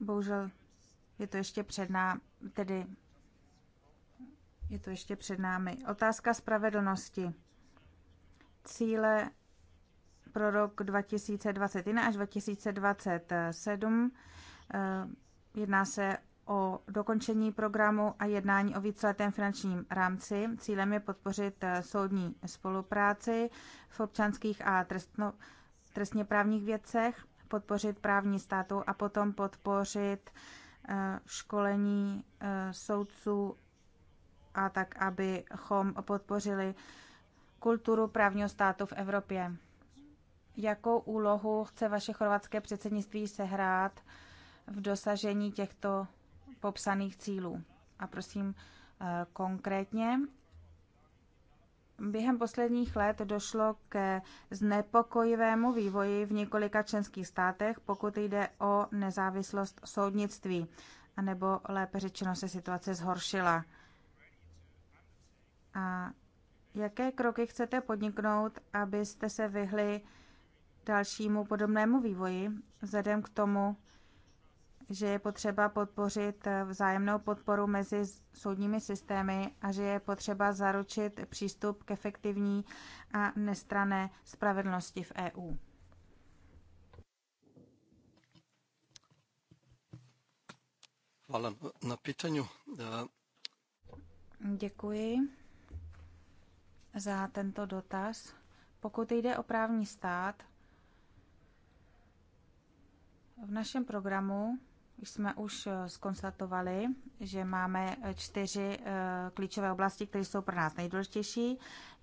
bohužel je to ještě před námi, tedy je to ještě před námi. Otázka spravedlnosti. Cíle pro rok 2021 až 2027. Eh, jedná se o dokončení programu a jednání o víceletém finančním rámci. Cílem je podpořit eh, soudní spolupráci v občanských a trestno, trestně právních věcech, podpořit právní státu a potom podpořit uh, Eh, školení eh, soudců a tak, abychom podpořili kulturu právního státu v Evropě. Jakou úlohu chce vaše chorvatské předsednictví sehrát v dosažení těchto popsaných cílů? A prosím eh, konkrétně Během posledních let došlo ke znepokojivému vývoji v několika členských státech, pokud jde o nezávislost soudnictví, anebo lépe řečeno se situace zhoršila. A jaké kroky chcete podniknout, abyste se vyhli dalšímu podobnému vývoji, vzhledem k tomu, že je potřeba podpořit eh, vzájemnou podporu mezi soudními systémy a že je potřeba zaručit přístup k efektivní a nestrané spravedlnosti v EU. Hvala na pitanju. Eh, Děkuji za tento dotaz. Pokud jde o právní stát, v našem programu jsme už eh, skonstatovali, že máme eh, čtyři eh, klíčové oblasti, které jsou pro nás nejdůležitější.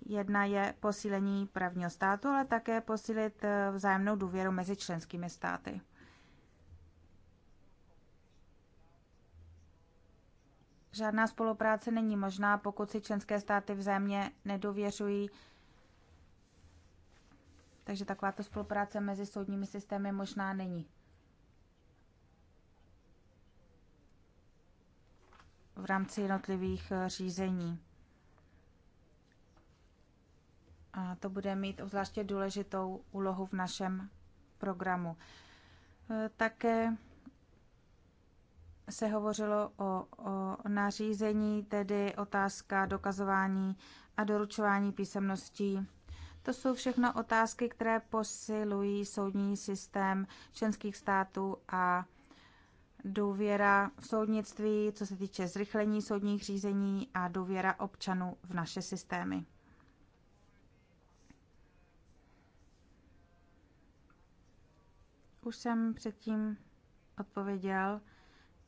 Jedna je posílení právního státu, ale také posílit vzájemnou důvěru mezi členskými státy. Žádná spolupráce není možná, pokud si členské státy vzájemně nedověřují. Takže takováto spolupráce mezi soudními systémy možná není. v rámci jednotlivých eh, řízení. A to bude mít obzvláště důležitou úlohu v našem programu. Eh, také se hovořilo o, o nařízení, tedy otázka dokazování a doručování písemností. To jsou všechno otázky, které posilují soudní systém členských států a důvěra v soudnictví, co se týče zrychlení soudních řízení a důvěra občanů v naše systémy. Už jsem předtím odpověděl,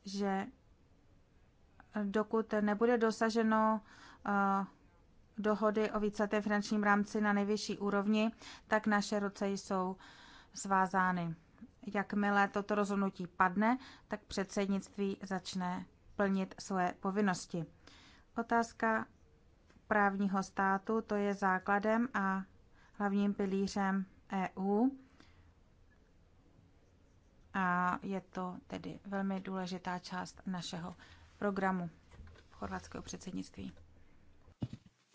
že dokud nebude dosaženo eh, dohody o víceletém finančním rámci na nejvyšší úrovni, tak naše ruce jsou svázány jakmile toto rozhodnutí padne, tak předsednictví začne plnit své povinnosti. Otázka právního státu, to je základem a hlavním pilířem EU. A je to tedy velmi důležitá část našeho programu chorvatského předsednictví.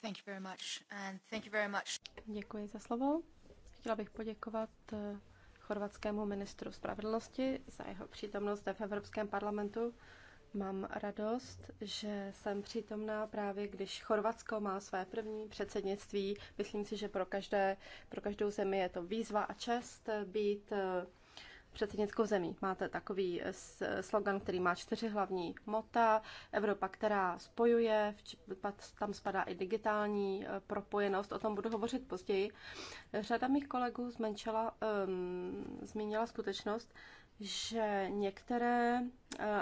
Thank you very much and thank you very much. Děkuji za slovo. Chtěla bych poděkovat eh, chorvatskému ministru spravedlnosti za jeho přítomnost zde v Evropském parlamentu. Mám radost, že jsem přítomná právě, když Chorvatsko má své první předsednictví. Myslím si, že pro, každé, pro každou zemi je to výzva a čest být eh, předsednickou zemí. Máte takový eh, eh, slogan, který má čtyři hlavní mota. Evropa, která spojuje, tam spadá i digitální eh, propojenost, o tom budu hovořit později. Řada mých kolegů zmenšila, um, zmínila skutečnost, že některé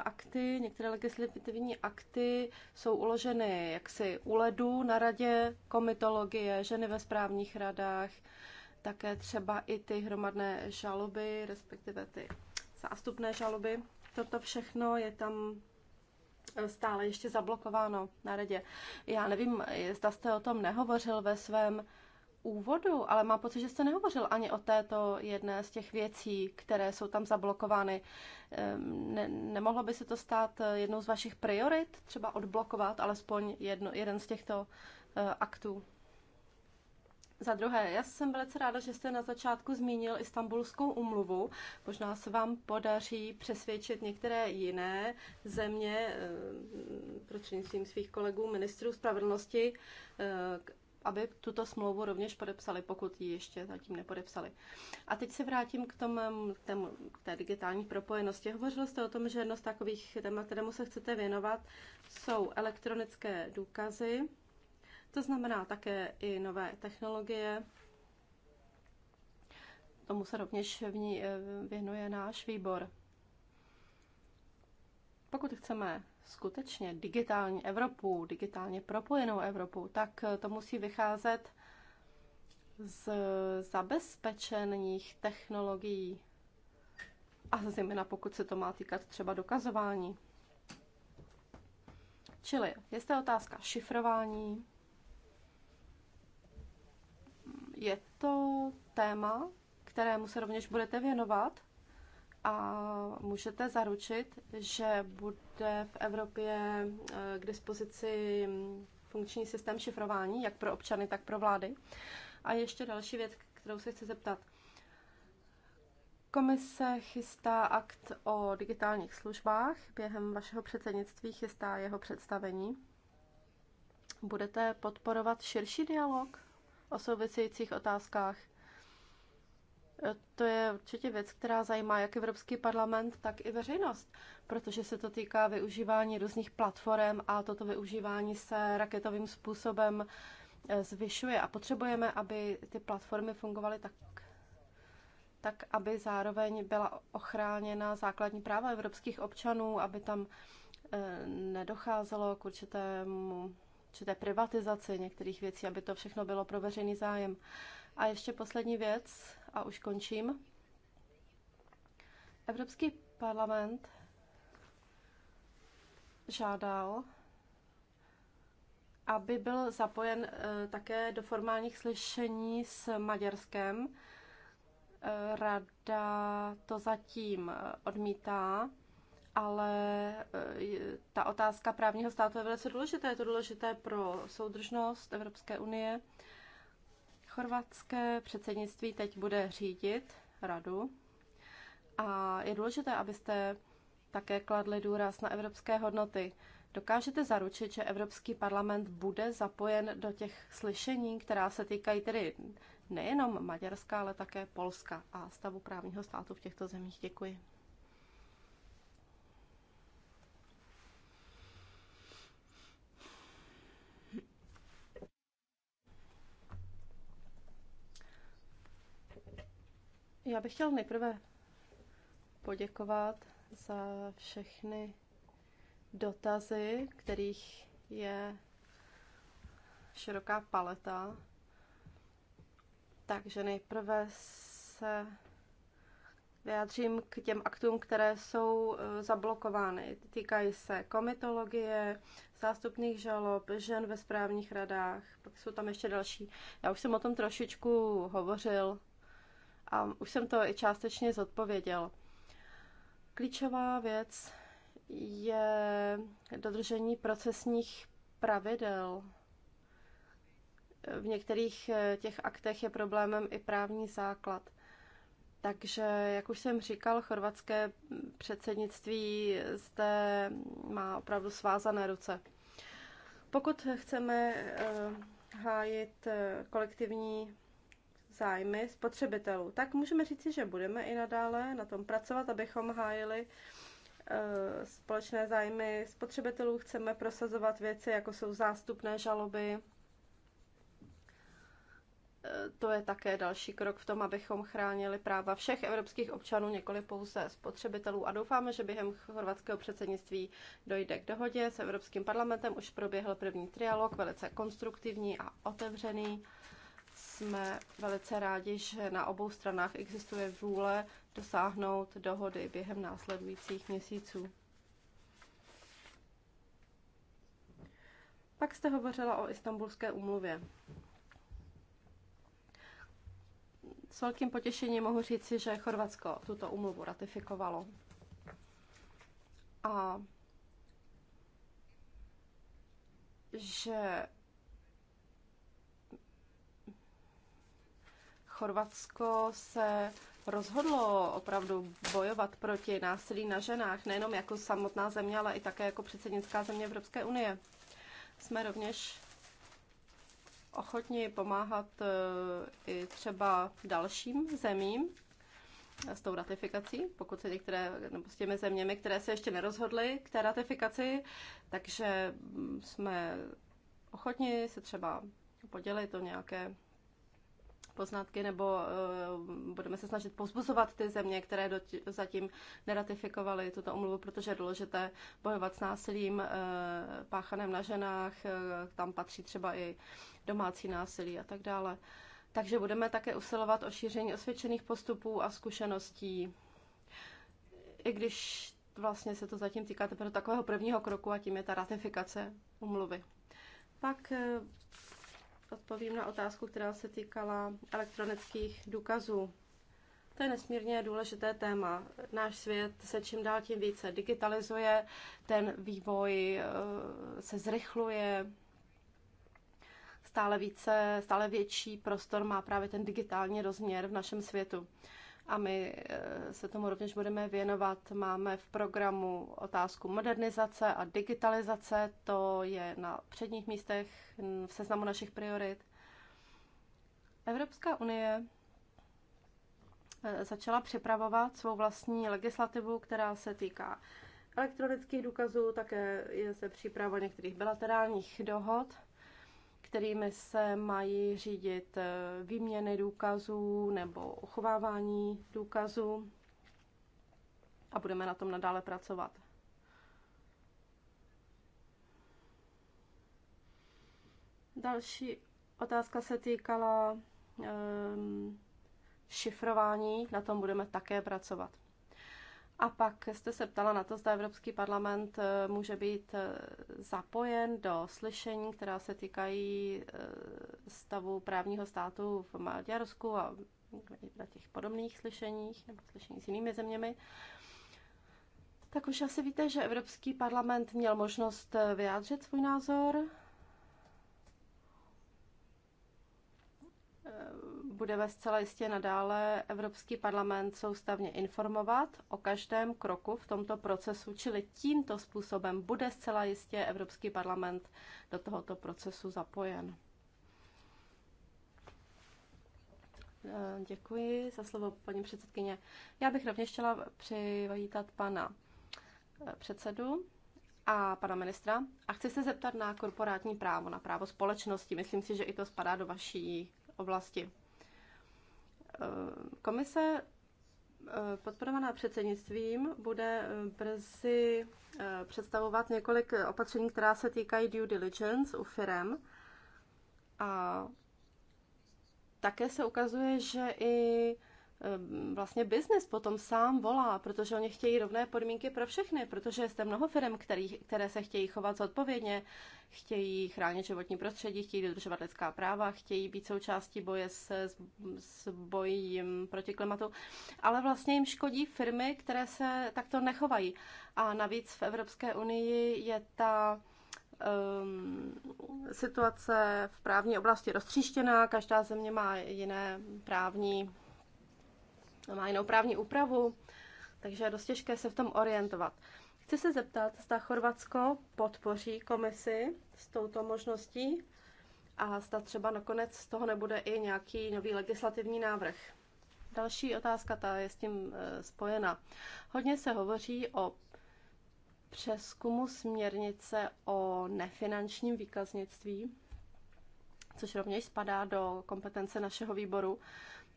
akty, některé legislativní akty jsou uloženy jaksi u ledu na radě komitologie, ženy ve správních radách, také třeba i ty hromadné žaloby, respektive ty zástupné žaloby. Toto všechno je tam eh, stále ještě zablokováno na radě. Já nevím, zda jste o tom nehovořil ve svém úvodu, ale mám pocit, že jste nehovořil ani o této jedné z těch věcí, které jsou tam zablokovány. Ehm, ne, nemohlo by se to stát eh, jednou z vašich priorit, třeba odblokovat alespoň jedno, jeden z těchto eh, aktů? Za druhé, já jsem velice ráda, že jste na začátku zmínil Istanbulskou umluvu. Možná se vám podaří přesvědčit některé jiné země eh, prostřednictvím svých kolegů ministrů spravedlnosti, eh, aby tuto smlouvu rovněž podepsali, pokud ji ještě zatím nepodepsali. A teď se vrátím k, tomu, k, tému, k té digitální propojenosti. Hovořil jste o tom, že jedno z takových témat, kterému se chcete věnovat, jsou elektronické důkazy. To znamená také i nové technologie. Tomu se rovněž v ní eh, věnuje náš výbor. Pokud chceme skutečně digitální Evropu, digitálně propojenou Evropu, tak eh, to musí vycházet z zabezpečených technologií a zejména pokud se to má týkat třeba dokazování. Čili je zde otázka šifrování, je to téma, kterému se rovněž budete věnovat a můžete zaručit, že bude v Evropě eh, k dispozici funkční systém šifrování, jak pro občany, tak pro vlády. A ještě další věc, kterou se chci zeptat. Komise chystá akt o digitálních službách. Během vašeho předsednictví chystá jeho představení. Budete podporovat širší dialog o souvisejících otázkách. E, to je určitě věc, která zajímá jak Evropský parlament, tak i veřejnost, protože se to týká využívání různých platform a toto využívání se raketovým způsobem e, zvyšuje a potřebujeme, aby ty platformy fungovaly tak, tak aby zároveň byla ochráněna základní práva evropských občanů, aby tam e, nedocházelo k určitému určité privatizaci některých věcí, aby to všechno bylo pro veřejný zájem. A ještě poslední věc, a už končím. Evropský parlament žádal, aby byl zapojen eh, také do formálních slyšení s Maďarskem. Eh, Rada to zatím eh, odmítá ale eh, ta otázka právního státu je velice důležitá. Je to důležité pro soudržnost Evropské unie. Chorvatské předsednictví teď bude řídit radu a je důležité, abyste také kladli důraz na evropské hodnoty. Dokážete zaručit, že Evropský parlament bude zapojen do těch slyšení, která se týkají tedy nejenom Maďarska, ale také Polska a stavu právního státu v těchto zemích? Děkuji. Já bych chtěl nejprve poděkovat za všechny dotazy, kterých je široká paleta. Takže nejprve se vyjádřím k těm aktům, které jsou eh, zablokovány. Týkají se komitologie, zástupných žalob, žen ve správních radách, pak jsou tam ještě další. Já už jsem o tom trošičku hovořil a už jsem to i částečně zodpověděl. Klíčová věc je dodržení procesních pravidel. V některých eh, těch aktech je problémem i právní základ. Takže, jak už jsem říkal, chorvatské předsednictví zde má opravdu svázané ruce. Pokud chceme eh, hájit eh, kolektivní zájmy spotřebitelů. Tak můžeme říci, že budeme i nadále na tom pracovat, abychom hájili eh, společné zájmy spotřebitelů. Chceme prosazovat věci, jako jsou zástupné žaloby. Eh, to je také další krok v tom, abychom chránili práva všech evropských občanů, několik pouze spotřebitelů. A doufáme, že během chorvatského předsednictví dojde k dohodě s Evropským parlamentem. Už proběhl první trialog, velice konstruktivní a otevřený jsme velice rádi, že na obou stranách existuje vůle dosáhnout dohody během následujících měsíců. Pak jste hovořila o istambulské úmluvě. S velkým potěšením mohu říci, že Chorvatsko tuto úmluvu ratifikovalo. A že Chorvatsko se rozhodlo opravdu bojovat proti násilí na ženách, nejenom jako samotná země, ale i také jako předsednická země Evropské unie. Jsme rovněž ochotni pomáhat e, i třeba dalším zemím s tou ratifikací, pokud se některé, nebo s těmi zeměmi, které se ještě nerozhodly k té ratifikaci, takže mm, jsme ochotni se třeba podělit o nějaké poznatky nebo eh, budeme se snažit pozbuzovat ty země, které zatím neratifikovaly tuto umluvu, protože je důležité bojovat s násilím eh, páchaném na ženách, eh, tam patří třeba i domácí násilí a tak dále. Takže budeme také usilovat o šíření osvědčených postupů a zkušeností, i když vlastně se to zatím týká teprve takového prvního kroku a tím je ta ratifikace umluvy. Pak odpovím na otázku, která se týkala elektronických důkazů. To je nesmírně důležité téma. Náš svět se čím dál tím více digitalizuje, ten vývoj eh, se zrychluje, stále více, stále větší prostor má právě ten digitální rozměr v našem světu a my eh, se tomu rovněž budeme věnovat. Máme v programu otázku modernizace a digitalizace, to je na předních místech v seznamu našich priorit. Evropská unie eh, začala připravovat svou vlastní legislativu, která se týká elektronických důkazů, také je se příprava některých bilaterálních dohod kterými se mají řídit eh, výměny důkazů nebo uchovávání důkazů a budeme na tom nadále pracovat. Další otázka se týkala um, šifrování, na tom budeme také pracovat. A pak jste se ptala na to, zda Evropský parlament eh, může být eh, zapojen do slyšení, která se týkají eh, stavu právního státu v Maďarsku a na těch podobných slyšeních nebo slyšení s jinými zeměmi. Tak už asi víte, že Evropský parlament měl možnost vyjádřit svůj názor budeme zcela jistě nadále Evropský parlament soustavně informovat o každém kroku v tomto procesu, čili tímto způsobem bude zcela jistě Evropský parlament do tohoto procesu zapojen. Eh, děkuji za slovo, paní předsedkyně. Já bych rovněž chtěla přivítat pana eh, předsedu a pana ministra a chci se zeptat na korporátní právo, na právo společnosti. Myslím si, že i to spadá do vaší oblasti. Eh, komise eh, podporovaná předsednictvím bude eh, brzy představovat několik opatření, která se týkají due diligence u firm. A také se ukazuje, že i Eh, vlastně biznis potom sám volá, protože oni chtějí rovné podmínky pro všechny, protože je zde mnoho firm, který, které se chtějí chovat zodpovědně, chtějí chránit životní prostředí, chtějí dodržovat lidská práva, chtějí být součástí boje s, s bojím proti klimatu, ale vlastně jim škodí firmy, které se takto nechovají. A navíc v Evropské unii je ta um, situace v právní oblasti roztříštěná, každá země má jiné právní má jinou právní úpravu, takže je dost těžké se v tom orientovat. Chci se zeptat, zda Chorvatsko podpoří komisi s touto možností a zda třeba nakonec z toho nebude i nějaký nový legislativní návrh. Další otázka, ta je s tím e, spojena. Hodně se hovoří o přeskumu směrnice o nefinančním výkaznictví, což rovněž spadá do kompetence našeho výboru.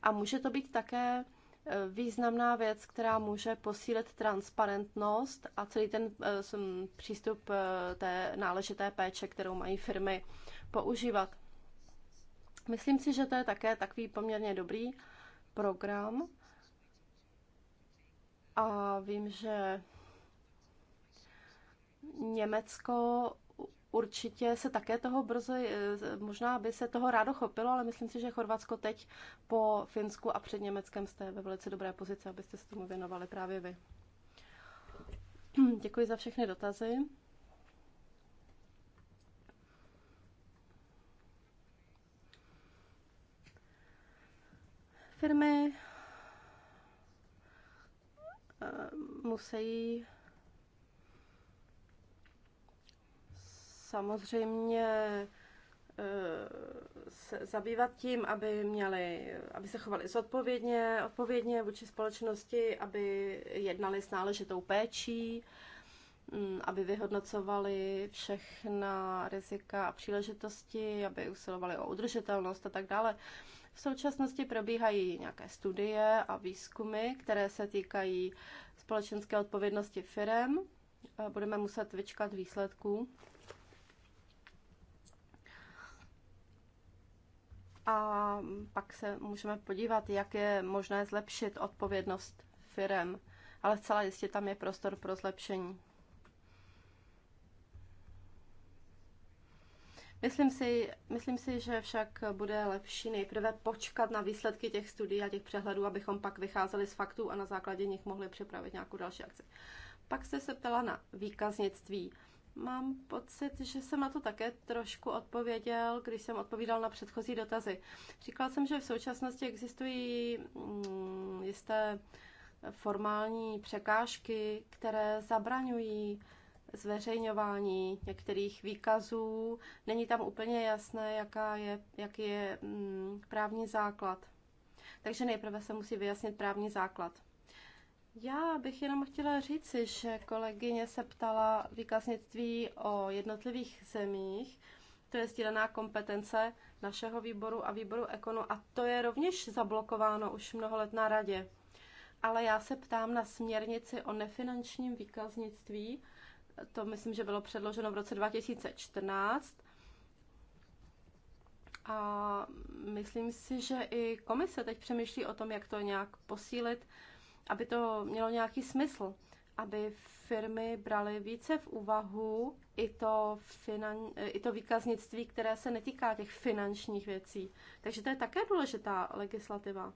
A může to být také Eh, významná věc, která může posílit transparentnost a celý ten eh, přístup eh, té náležité péče, kterou mají firmy používat. Myslím si, že to je také takový poměrně dobrý program. A vím, že Německo určitě se také toho brzo, eh, možná by se toho rádo chopilo, ale myslím si, že Chorvatsko teď po Finsku a před Německem jste ve velice dobré pozici, abyste se tomu věnovali právě vy. Děkuji za všechny dotazy. Firmy eh, musí samozřejmě eh, se zabývat tím, aby měli, aby se chovali zodpovědně, odpovědně vůči společnosti, aby jednali s náležitou péčí, mm, aby vyhodnocovali všechna rizika a příležitosti, aby usilovali o udržitelnost a tak dále. V současnosti probíhají nějaké studie a výzkumy, které se týkají společenské odpovědnosti firem. Eh, budeme muset vyčkat výsledků a pak se můžeme podívat, jak je možné zlepšit odpovědnost firem. Ale zcela jistě tam je prostor pro zlepšení. Myslím si, myslím si, že však bude lepší nejprve počkat na výsledky těch studií a těch přehledů, abychom pak vycházeli z faktů a na základě nich mohli připravit nějakou další akci. Pak jste se ptala na výkaznictví. Mám pocit, že jsem na to také trošku odpověděl, když jsem odpovídal na předchozí dotazy. Říkal jsem, že v současnosti existují mm, jisté formální překážky, které zabraňují zveřejňování některých výkazů. Není tam úplně jasné, jaká je, jaký je mm, právní základ. Takže nejprve se musí vyjasnit právní základ. Já bych jenom chtěla říci, že kolegyně se ptala výkaznictví o jednotlivých zemích. To je sdílená kompetence našeho výboru a výboru ekonu a to je rovněž zablokováno už mnoho let na radě. Ale já se ptám na směrnici o nefinančním výkaznictví. To myslím, že bylo předloženo v roce 2014. A myslím si, že i komise teď přemýšlí o tom, jak to nějak posílit aby to mělo nějaký smysl, aby firmy braly více v úvahu i to, finan, i to výkaznictví, které se netýká těch finančních věcí. Takže to je také důležitá legislativa.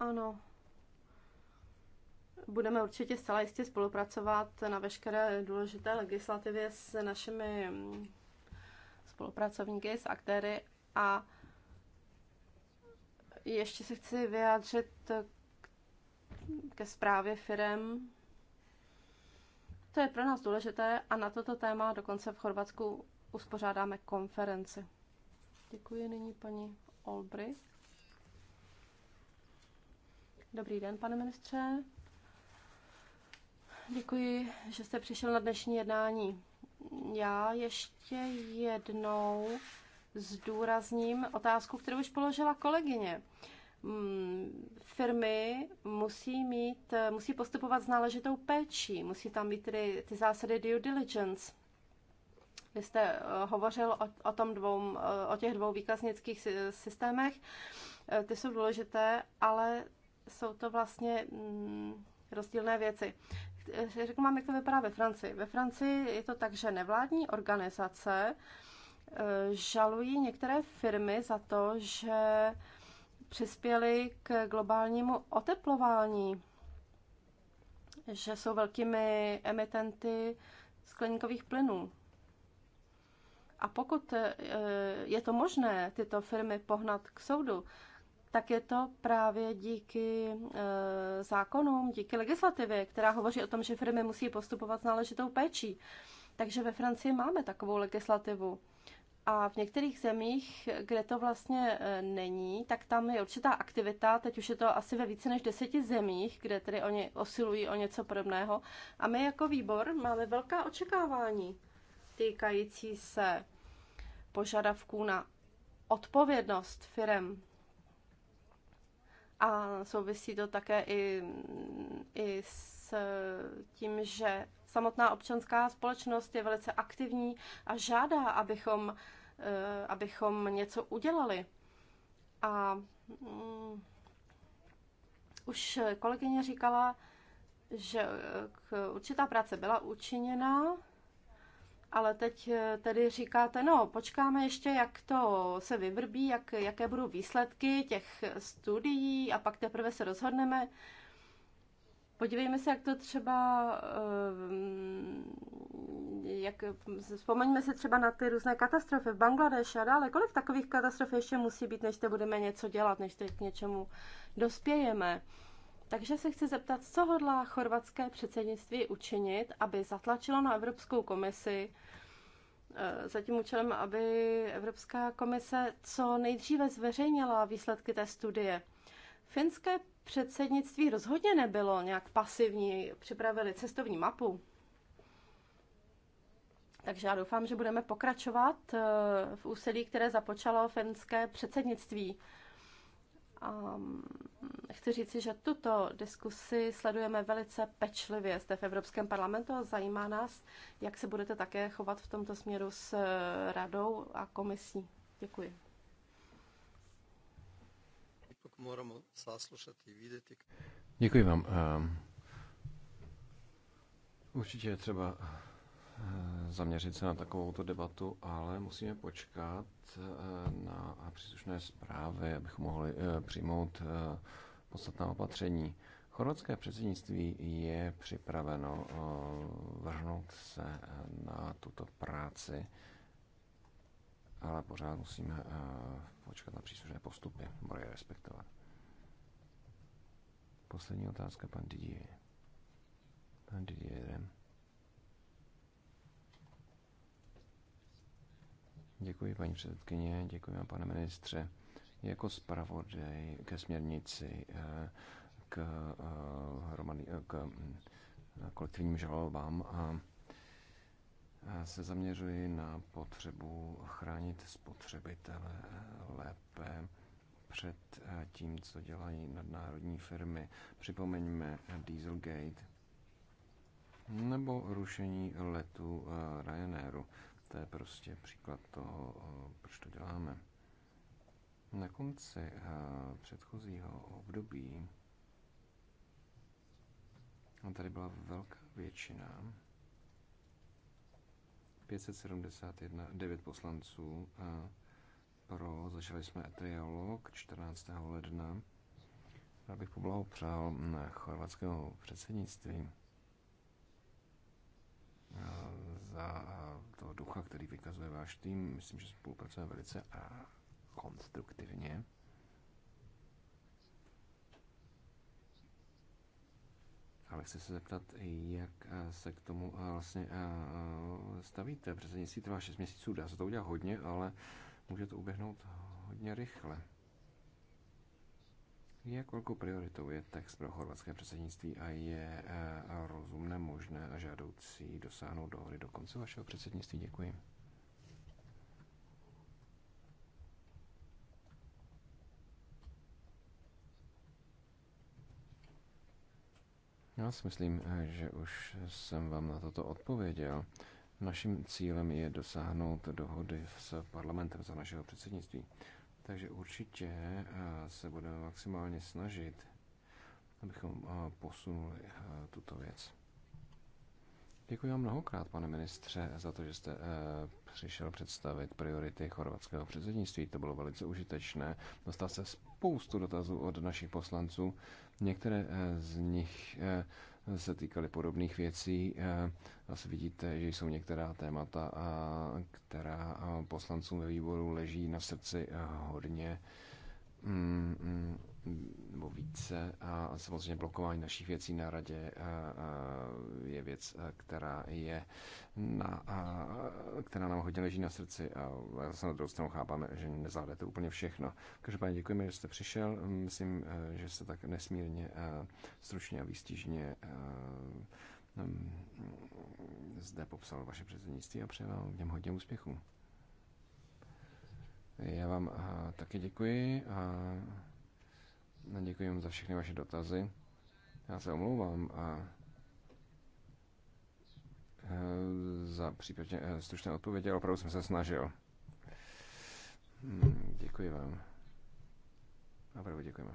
Ano, budeme určitě zcela jistě spolupracovat na veškeré důležité legislativě s našimi mm, spolupracovníky, s aktéry a ještě se chci vyjádřit ke zprávě firem. To je pro nás důležité a na toto téma dokonce v Chorvatsku uspořádáme konferenci. Děkuji nyní paní Olbry. Dobrý den, pane ministře. Děkuji, že jste přišel na dnešní jednání. Já ještě jednou zdůrazním otázku, kterou už položila kolegyně. Hmm, firmy musí, mít, musí postupovat s náležitou péčí, musí tam být tedy ty zásady due diligence. Vy jste eh, hovořil o, o, tom dvou, eh, o těch dvou výkaznických systémech. Eh, ty jsou důležité, ale jsou to vlastně mm, rozdílné věci řeknu vám, jak to vypadá ve Francii. Ve Francii je to tak, že nevládní organizace e, žalují některé firmy za to, že přispěly k globálnímu oteplování, že jsou velkými emitenty skleníkových plynů. A pokud e, je to možné tyto firmy pohnat k soudu, tak je to právě díky e, zákonům, díky legislativě, která hovoří o tom, že firmy musí postupovat s náležitou péčí. Takže ve Francii máme takovou legislativu. A v některých zemích, kde to vlastně e, není, tak tam je určitá aktivita, teď už je to asi ve více než deseti zemích, kde tedy oni osilují o něco podobného. A my jako výbor máme velká očekávání týkající se požadavků na odpovědnost firem a souvisí to také i, i s tím, že samotná občanská společnost je velice aktivní a žádá, abychom, eh, abychom něco udělali. A um, už kolegyně říkala, že eh, určitá práce byla učiněna, ale teď eh, tedy říkáte, no, počkáme ještě, jak to se vyvrbí, jak, jaké budou výsledky těch studií a pak teprve se rozhodneme. Podívejme se, jak to třeba, eh, jak, vzpomeňme se třeba na ty různé katastrofy v Bangladeši a dále. Kolik takových katastrof ještě musí být, než teď budeme něco dělat, než teď k něčemu dospějeme? Takže se chci zeptat, co hodlá chorvatské předsednictví učinit, aby zatlačilo na Evropskou komisi, E, za tím účelem, aby Evropská komise co nejdříve zveřejnila výsledky té studie. Finské předsednictví rozhodně nebylo nějak pasivní, připravili cestovní mapu. Takže já doufám, že budeme pokračovat e, v úsilí, které započalo finské předsednictví. Um, chci říci, že tuto diskusi sledujeme velice pečlivě zde v Evropském parlamentu a zajímá nás, jak se budete také chovat v tomto směru s eh, radou a komisí. Děkuji. Děkuji vám. Ehm, určitě je třeba Eh, zaměřit se na takovouto debatu, ale musíme počkat eh, na příslušné zprávy, abychom mohli eh, přijmout podstatná opatření. Chorvatské předsednictví je připraveno vrhnout se na tuto práci, ale pořád musíme počkat na příslušné postupy, bude je respektovat. Poslední otázka, pan Didier. Pan Didier. Děkuji, paní předsedkyně, děkuji vám, pane ministře. Jako zpravodaj ke směrnici eh, k, eh, hromadný, eh, k kolektivním žalobám se zaměřuji na potřebu chránit spotřebitele lépe před tím, co dělají nadnárodní firmy. Připomeňme Dieselgate nebo rušení letu Ryanairu to je prostě příklad toho, eh, proč to děláme. Na konci eh, předchozího období a tady byla velká většina 571 9 poslanců eh, pro, začali jsme etriolog. 14. ledna. Já bych poblahopřál na mm, chorvatského předsednictví za toho ducha, který vykazuje váš tým. Myslím, že spolupracujeme velice a konstruktivně. Ale chci se zeptat, jak se k tomu eh, vlastně eh, eh, stavíte. Předsednictví trvá 6 měsíců, dá se to udělat hodně, ale může to uběhnout hodně rychle. Jak velkou prioritou je text pro chorvatské předsednictví a je eh, rozumné, možné a žádoucí dosáhnout dohody do konce vašeho předsednictví? Děkuji. Já si myslím, eh, že už jsem vám na toto odpověděl. Naším cílem je dosáhnout dohody s parlamentem za našeho předsednictví. Takže určitě eh, se budeme maximálně snažit, abychom eh, posunuli eh, tuto věc. Děkuji vám mnohokrát, pane ministře, za to, že jste přišel představit priority chorvatského předsednictví. To bylo velice užitečné. Dostal se spoustu dotazů od našich poslanců. Některé z nich se týkaly podobných věcí. Zase eh, vidíte, že jsou některá témata, eh, která eh, poslancům ve výboru leží na srdci hodně. Mm, mm nebo více. A samozřejmě blokování našich věcí na radě eh, eh, je věc, eh, která je na, která nám hodně leží na srdci a zase na druhou stranu chápáme, že nezvládáte úplně všechno. Každopádně děkujeme, že jste přišel. Myslím, že jste tak nesmírně stručně a výstižně mm, zde popsal vaše předsednictví a přeji vám v něm hodně úspěchů. Já vám také děkuji a No, děkuji vám za všechny vaše dotazy. Já se omlouvám a eh, za případně eh, stručné odpovědi, opravdu jsem se snažil. Hm, děkuji vám. Opravdu děkujeme.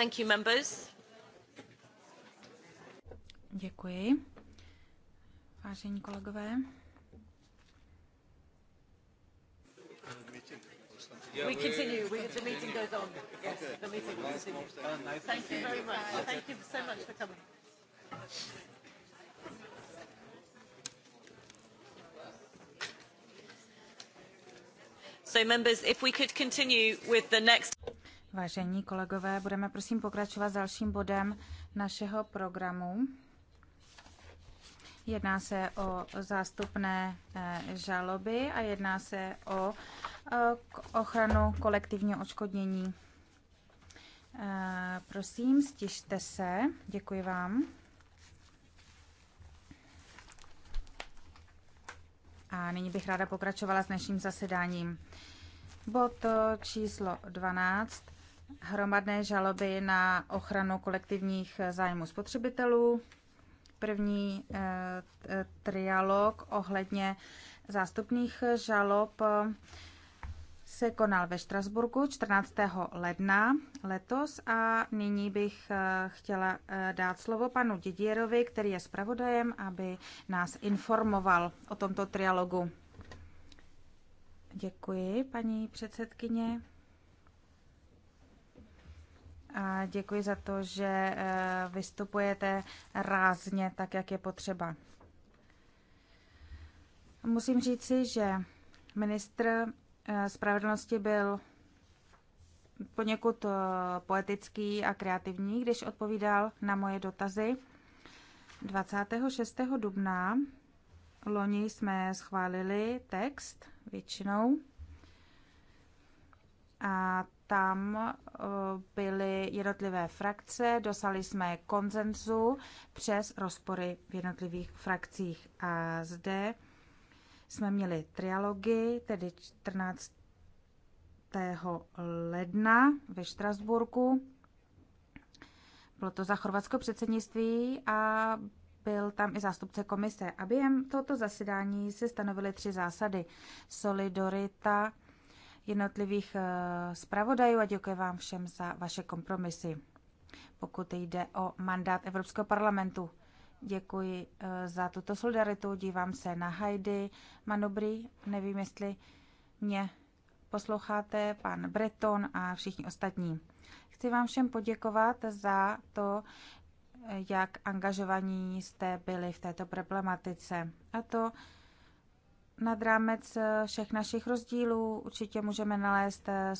Thank you, members. Děkuji. Vážení kolegové. We continue. We, the meeting goes on. Yes, the meeting will continue. Thank you very much. Thank you so much for coming. So members, if we could continue with the next... Vážení kolegové, budeme prosím pokračovat s dalším bodem našeho programu. Jedná se o zástupné eh, žaloby a jedná se o eh, ochranu kolektivního očkodnění. Eh, prosím, stižte se. Děkuji vám. A nyní bych ráda pokračovala s dnešním zasedáním. Bod číslo 12 hromadné žaloby na ochranu kolektivních zájmů spotřebitelů, první eh, trialog ohledně zástupných žalob eh, se konal ve Štrasburku 14. ledna letos a nyní bych eh, chtěla dát slovo panu Didierovi, který je zpravodajem, aby nás informoval o tomto trialogu. Děkuji, paní předsedkyně. A děkuji za to, že eh, vystupujete rázně, tak jak je potřeba. Musím říci, že ministr eh, spravedlnosti byl poněkud eh, poetický a kreativní, když odpovídal na moje dotazy. 26. dubna loni jsme schválili text většinou a tam eh, byly jednotlivé frakce, dosali jsme konsenzu přes rozpory v jednotlivých frakcích. A zde jsme měli trialogy, tedy 14. ledna ve Štrasburku. Bylo to za chorvatské předsednictví a byl tam i zástupce komise. A během tohoto zasedání se stanovily tři zásady. Solidarita, jednotlivých eh, zpravodajů a děkuji vám všem za vaše kompromisy, pokud jde o mandát Evropského parlamentu. Děkuji eh, za tuto solidaritu. Dívám se na Heidi Manobry. Nevím, jestli mě posloucháte, pan Breton a všichni ostatní. Chci vám všem poděkovat za to, eh, jak angažovaní jste byli v této problematice. A to nad rámec eh, všech našich rozdílů určitě můžeme nalézt eh,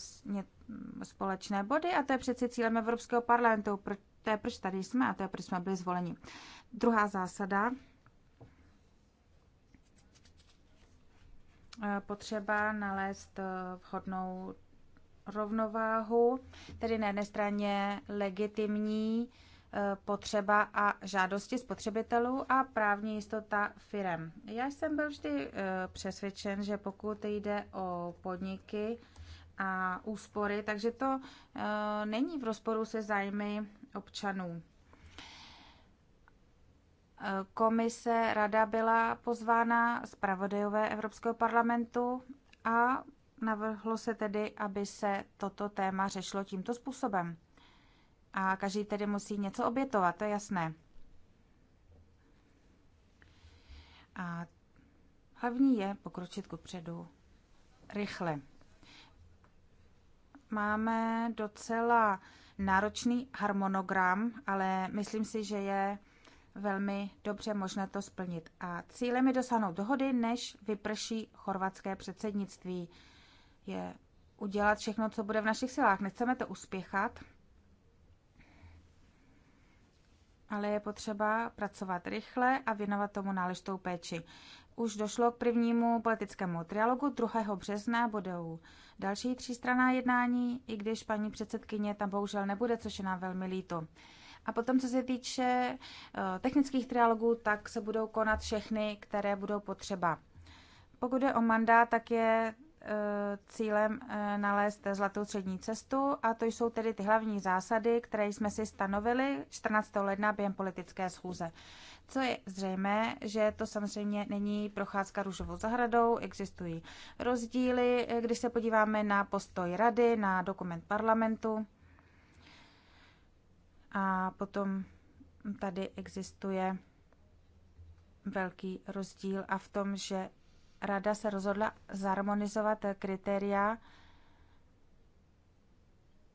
společné body a to je přeci cílem Evropského parlamentu. To je proč tady jsme a to je proč jsme byli zvoleni. Druhá zásada. Eh, potřeba nalézt vhodnou rovnováhu, tedy na jedné straně legitimní Eh, potřeba a žádosti spotřebitelů a právní jistota firem. Já jsem byl vždy eh, přesvědčen, že pokud jde o podniky a úspory, takže to eh, není v rozporu se zájmy občanů. Komise, rada byla pozvána zpravodajové Evropského parlamentu a navrhlo se tedy, aby se toto téma řešilo tímto způsobem. A každý tedy musí něco obětovat, to je jasné. A hlavní je pokročit ku předu rychle. Máme docela náročný harmonogram, ale myslím si, že je velmi dobře možné to splnit. A cílem je dosáhnout dohody, než vyprší chorvatské předsednictví. Je udělat všechno, co bude v našich silách. Nechceme to uspěchat, ale je potřeba pracovat rychle a věnovat tomu náležitou péči. Už došlo k prvnímu politickému trialogu 2. března budou další třístraná jednání, i když paní předsedkyně tam bohužel nebude, což je nám velmi líto. A potom, co se týče eh, technických trialogů, tak se budou konat všechny, které budou potřeba. Pokud je o mandát, tak je Eh, cílem eh, nalézt zlatou střední cestu a to jsou tedy ty hlavní zásady, které jsme si stanovili 14. ledna během politické schůze. Co je zřejmé, že to samozřejmě není procházka růžovou zahradou, existují rozdíly, eh, když se podíváme na postoj rady, na dokument parlamentu a potom tady existuje velký rozdíl a v tom, že rada se rozhodla zharmonizovat kritéria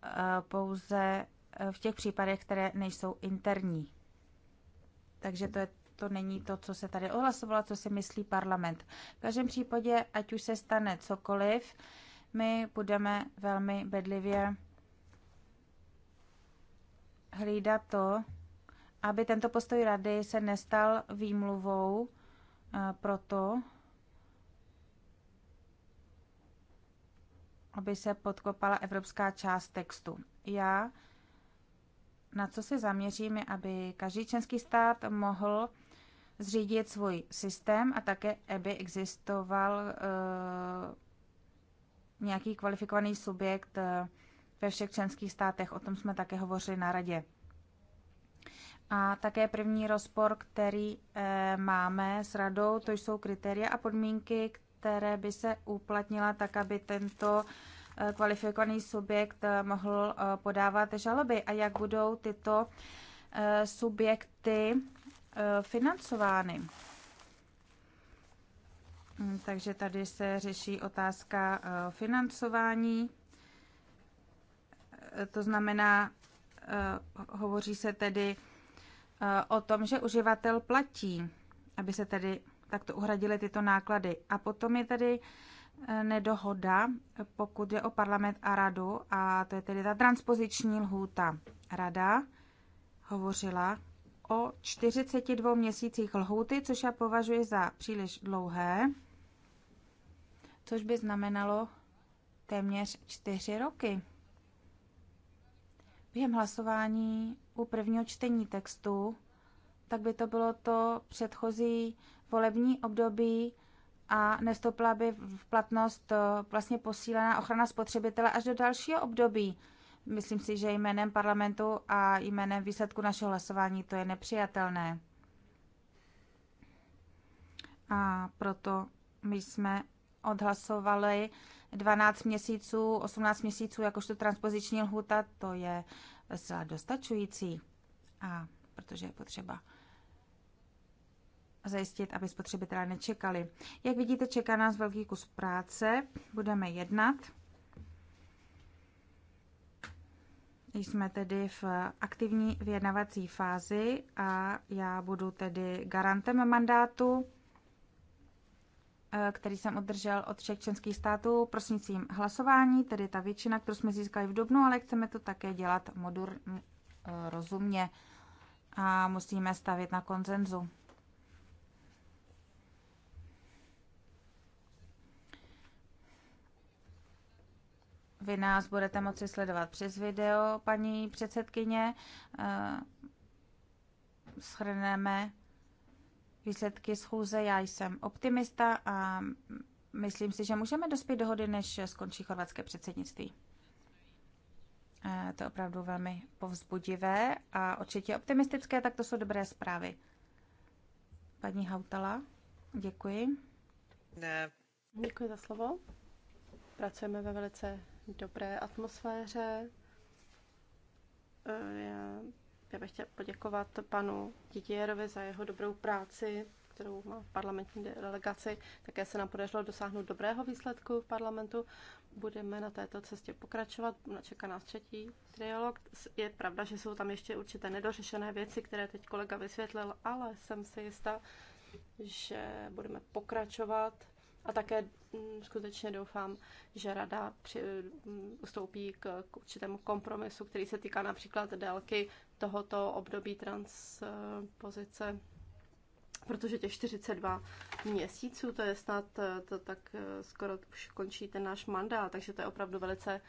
eh, pouze eh, v těch případech, které nejsou interní. Takže to, je, to není to, co se tady ohlasovalo, co si myslí parlament. V každém případě, ať už se stane cokoliv, my budeme velmi bedlivě hlídat to, aby tento postoj rady se nestal výmluvou eh, pro to, aby se podkopala evropská část textu. Já na co se zaměříme, aby každý členský stát mohl zřídit svůj systém a také, aby existoval e, nějaký kvalifikovaný subjekt eh, ve všech členských státech. O tom jsme také hovořili na radě. A také první rozpor, který e, máme s radou, to jsou kritéria a podmínky, které by se uplatnila tak, aby tento eh, kvalifikovaný subjekt eh, mohl eh, podávat žaloby a jak budou tyto subjekty financovány. Hmm, takže tady se řeší otázka financování. To znamená, hovoří se tedy o tom, že uživatel platí, aby se tedy takto uhradili tyto náklady. A potom je tady eh, nedohoda, pokud je o parlament a radu, a to je tedy ta transpoziční lhůta. Rada hovořila o 42 měsících lhůty, což já považuji za příliš dlouhé, což by znamenalo téměř 4 roky. Během hlasování u prvního čtení textu tak by to bylo to předchozí volební období a nestoupila by v platnost eh, vlastně posílená ochrana spotřebitele až do dalšího období. Myslím si, že jménem parlamentu a jménem výsledku našeho hlasování to je nepřijatelné. A proto my jsme odhlasovali 12 měsíců, 18 měsíců jakožto transpoziční lhuta, to je zcela dostačující, a protože je potřeba zajistit, aby spotřebitelé nečekali. Jak vidíte, čeká nás velký kus práce, budeme jednat. Jsme tedy v aktivní vyjednavací fázi a já budu tedy garantem mandátu, eh, který jsem održel od všech členských států prosnicím hlasování, tedy ta většina, kterou jsme získali v Dubnu, ale chceme to také dělat modur eh, rozumně a musíme stavit na konzenzu. Vy nás budete moci sledovat přes video, paní předsedkyně. Eh, Schrneme výsledky schůze. Já jsem optimista a myslím si, že můžeme dospět dohody, než skončí chorvatské předsednictví. Eh, to je opravdu velmi povzbudivé a určitě optimistické, tak to jsou dobré zprávy. Paní Hautala, děkuji. Ne. Děkuji za slovo. Pracujeme ve velice dobré atmosféře. Eh, já, bych chtěla poděkovat panu Didierovi za jeho dobrou práci, kterou má v parlamentní delegaci. Také se nám podařilo dosáhnout dobrého výsledku v parlamentu. Budeme na této cestě pokračovat. Čeká nás třetí trialog. Je pravda, že jsou tam ještě určité nedořešené věci, které teď kolega vysvětlil, ale jsem si jistá, že budeme pokračovat a také mm, skutečně doufám, že rada při, mm, ustoupí k, k určitému kompromisu, který se týká například délky tohoto období transpozice, protože těch 42 měsíců, to je snad, eh, to tak eh, skoro už končí ten náš mandát, takže to je opravdu velice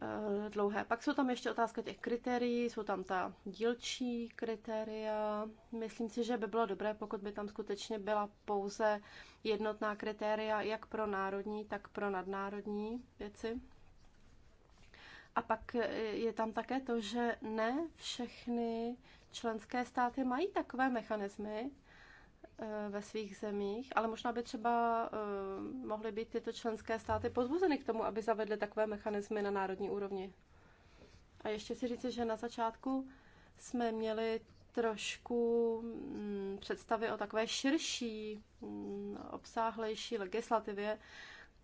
Eh, dlouhé. Pak jsou tam ještě otázka těch kritérií, jsou tam ta dílčí kritéria. Myslím si, že by bylo dobré, pokud by tam skutečně byla pouze jednotná kritéria, jak pro národní, tak pro nadnárodní věci. A pak eh, je tam také to, že ne všechny členské státy mají takové mechanismy, Eh, ve svých zemích, ale možná by třeba eh, mohly být tyto členské státy pozbuzeny k tomu, aby zavedly takové mechanismy na národní úrovni. A ještě si říci, že na začátku jsme měli trošku mm, představy o takové širší, mm, obsáhlejší legislativě,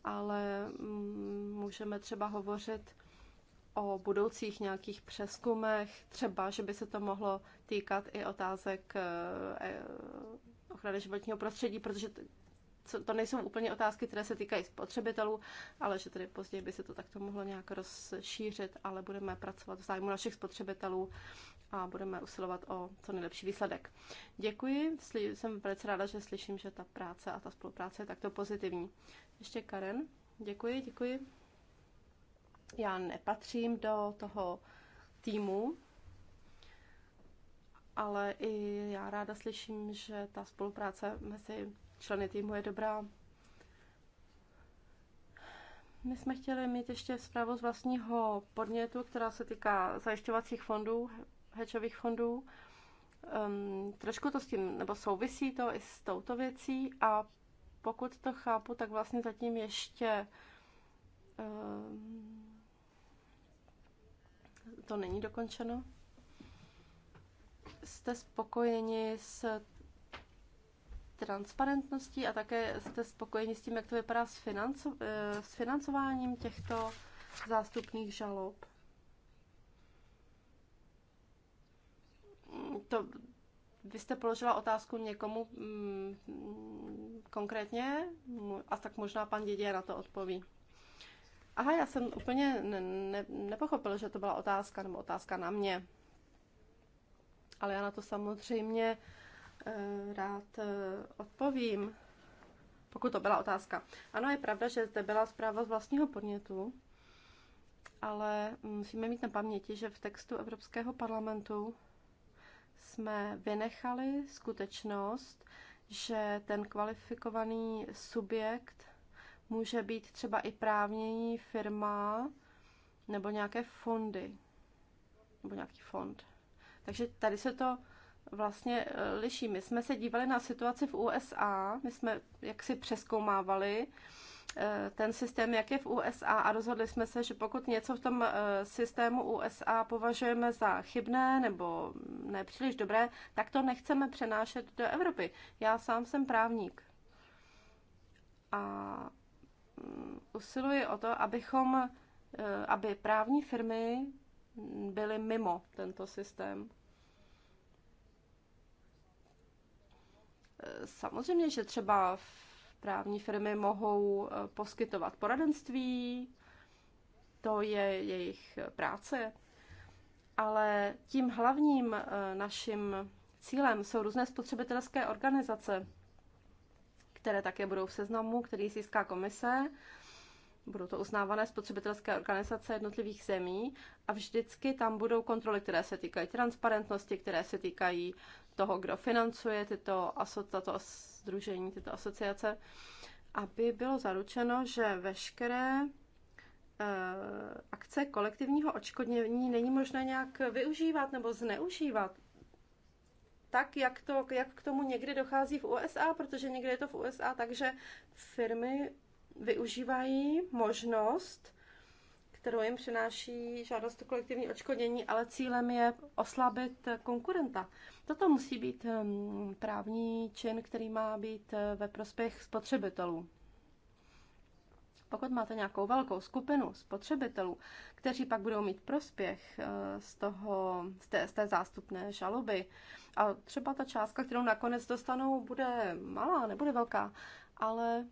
ale mm, můžeme třeba hovořit o budoucích nějakých přeskumech, třeba, že by se to mohlo týkat i otázek eh, ochrany životního prostředí, protože to nejsou úplně otázky, které se týkají spotřebitelů, ale že tedy později by se to takto mohlo nějak rozšířit, ale budeme pracovat v zájmu našich spotřebitelů a budeme usilovat o co nejlepší výsledek. Děkuji, jsem velice ráda, že slyším, že ta práce a ta spolupráce je takto pozitivní. Ještě Karen, děkuji, děkuji. Já nepatřím do toho týmu, ale i já ráda slyším, že ta spolupráce mezi členy týmu je dobrá. My jsme chtěli mít ještě zprávu z vlastního podnětu, která se týká zajišťovacích fondů, hedžových fondů. Um, trošku to s tím, nebo souvisí to i s touto věcí a pokud to chápu, tak vlastně zatím ještě um, to není dokončeno jste spokojeni s transparentností a také jste spokojeni s tím, jak to vypadá s, financo- eh, s financováním těchto zástupných žalob? To, vy jste položila otázku někomu mm, konkrétně a tak možná pan Didě na to odpoví. Aha, já jsem úplně ne- ne- nepochopil, že to byla otázka nebo otázka na mě ale já na to samozřejmě eh, rád eh, odpovím, pokud to byla otázka. Ano, je pravda, že zde byla zpráva z vlastního podnětu, ale musíme mít na paměti, že v textu Evropského parlamentu jsme vynechali skutečnost, že ten kvalifikovaný subjekt může být třeba i právní firma nebo nějaké fondy nebo nějaký fond. Takže tady se to vlastně eh, liší. My jsme se dívali na situaci v USA, my jsme jaksi přeskoumávali eh, ten systém, jak je v USA a rozhodli jsme se, že pokud něco v tom eh, systému USA považujeme za chybné nebo nepříliš dobré, tak to nechceme přenášet do Evropy. Já sám jsem právník a mm, usiluji o to, abychom, aby právní firmy byli mimo tento systém. Samozřejmě, že třeba právní firmy mohou eh, poskytovat poradenství, to je jejich práce, ale tím hlavním eh, naším cílem jsou různé spotřebitelské organizace, které také budou v seznamu, který získá komise budou to uznávané spotřebitelské organizace jednotlivých zemí a vždycky tam budou kontroly, které se týkají transparentnosti, které se týkají toho, kdo financuje tyto aso- tato združení, tyto asociace, aby bylo zaručeno, že veškeré eh, akce kolektivního očkodnění není možné nějak využívat nebo zneužívat tak, jak, to, jak k tomu někdy dochází v USA, protože někdy je to v USA, takže firmy využívají možnost, kterou jim přináší žádost o kolektivní očkodnění, ale cílem je oslabit konkurenta. Toto musí být hm, právní čin, který má být eh, ve prospěch spotřebitelů. Pokud máte nějakou velkou skupinu spotřebitelů, kteří pak budou mít prospěch eh, z, toho, z, té, z té zástupné žaloby, a třeba ta částka, kterou nakonec dostanou, bude malá, nebude velká, ale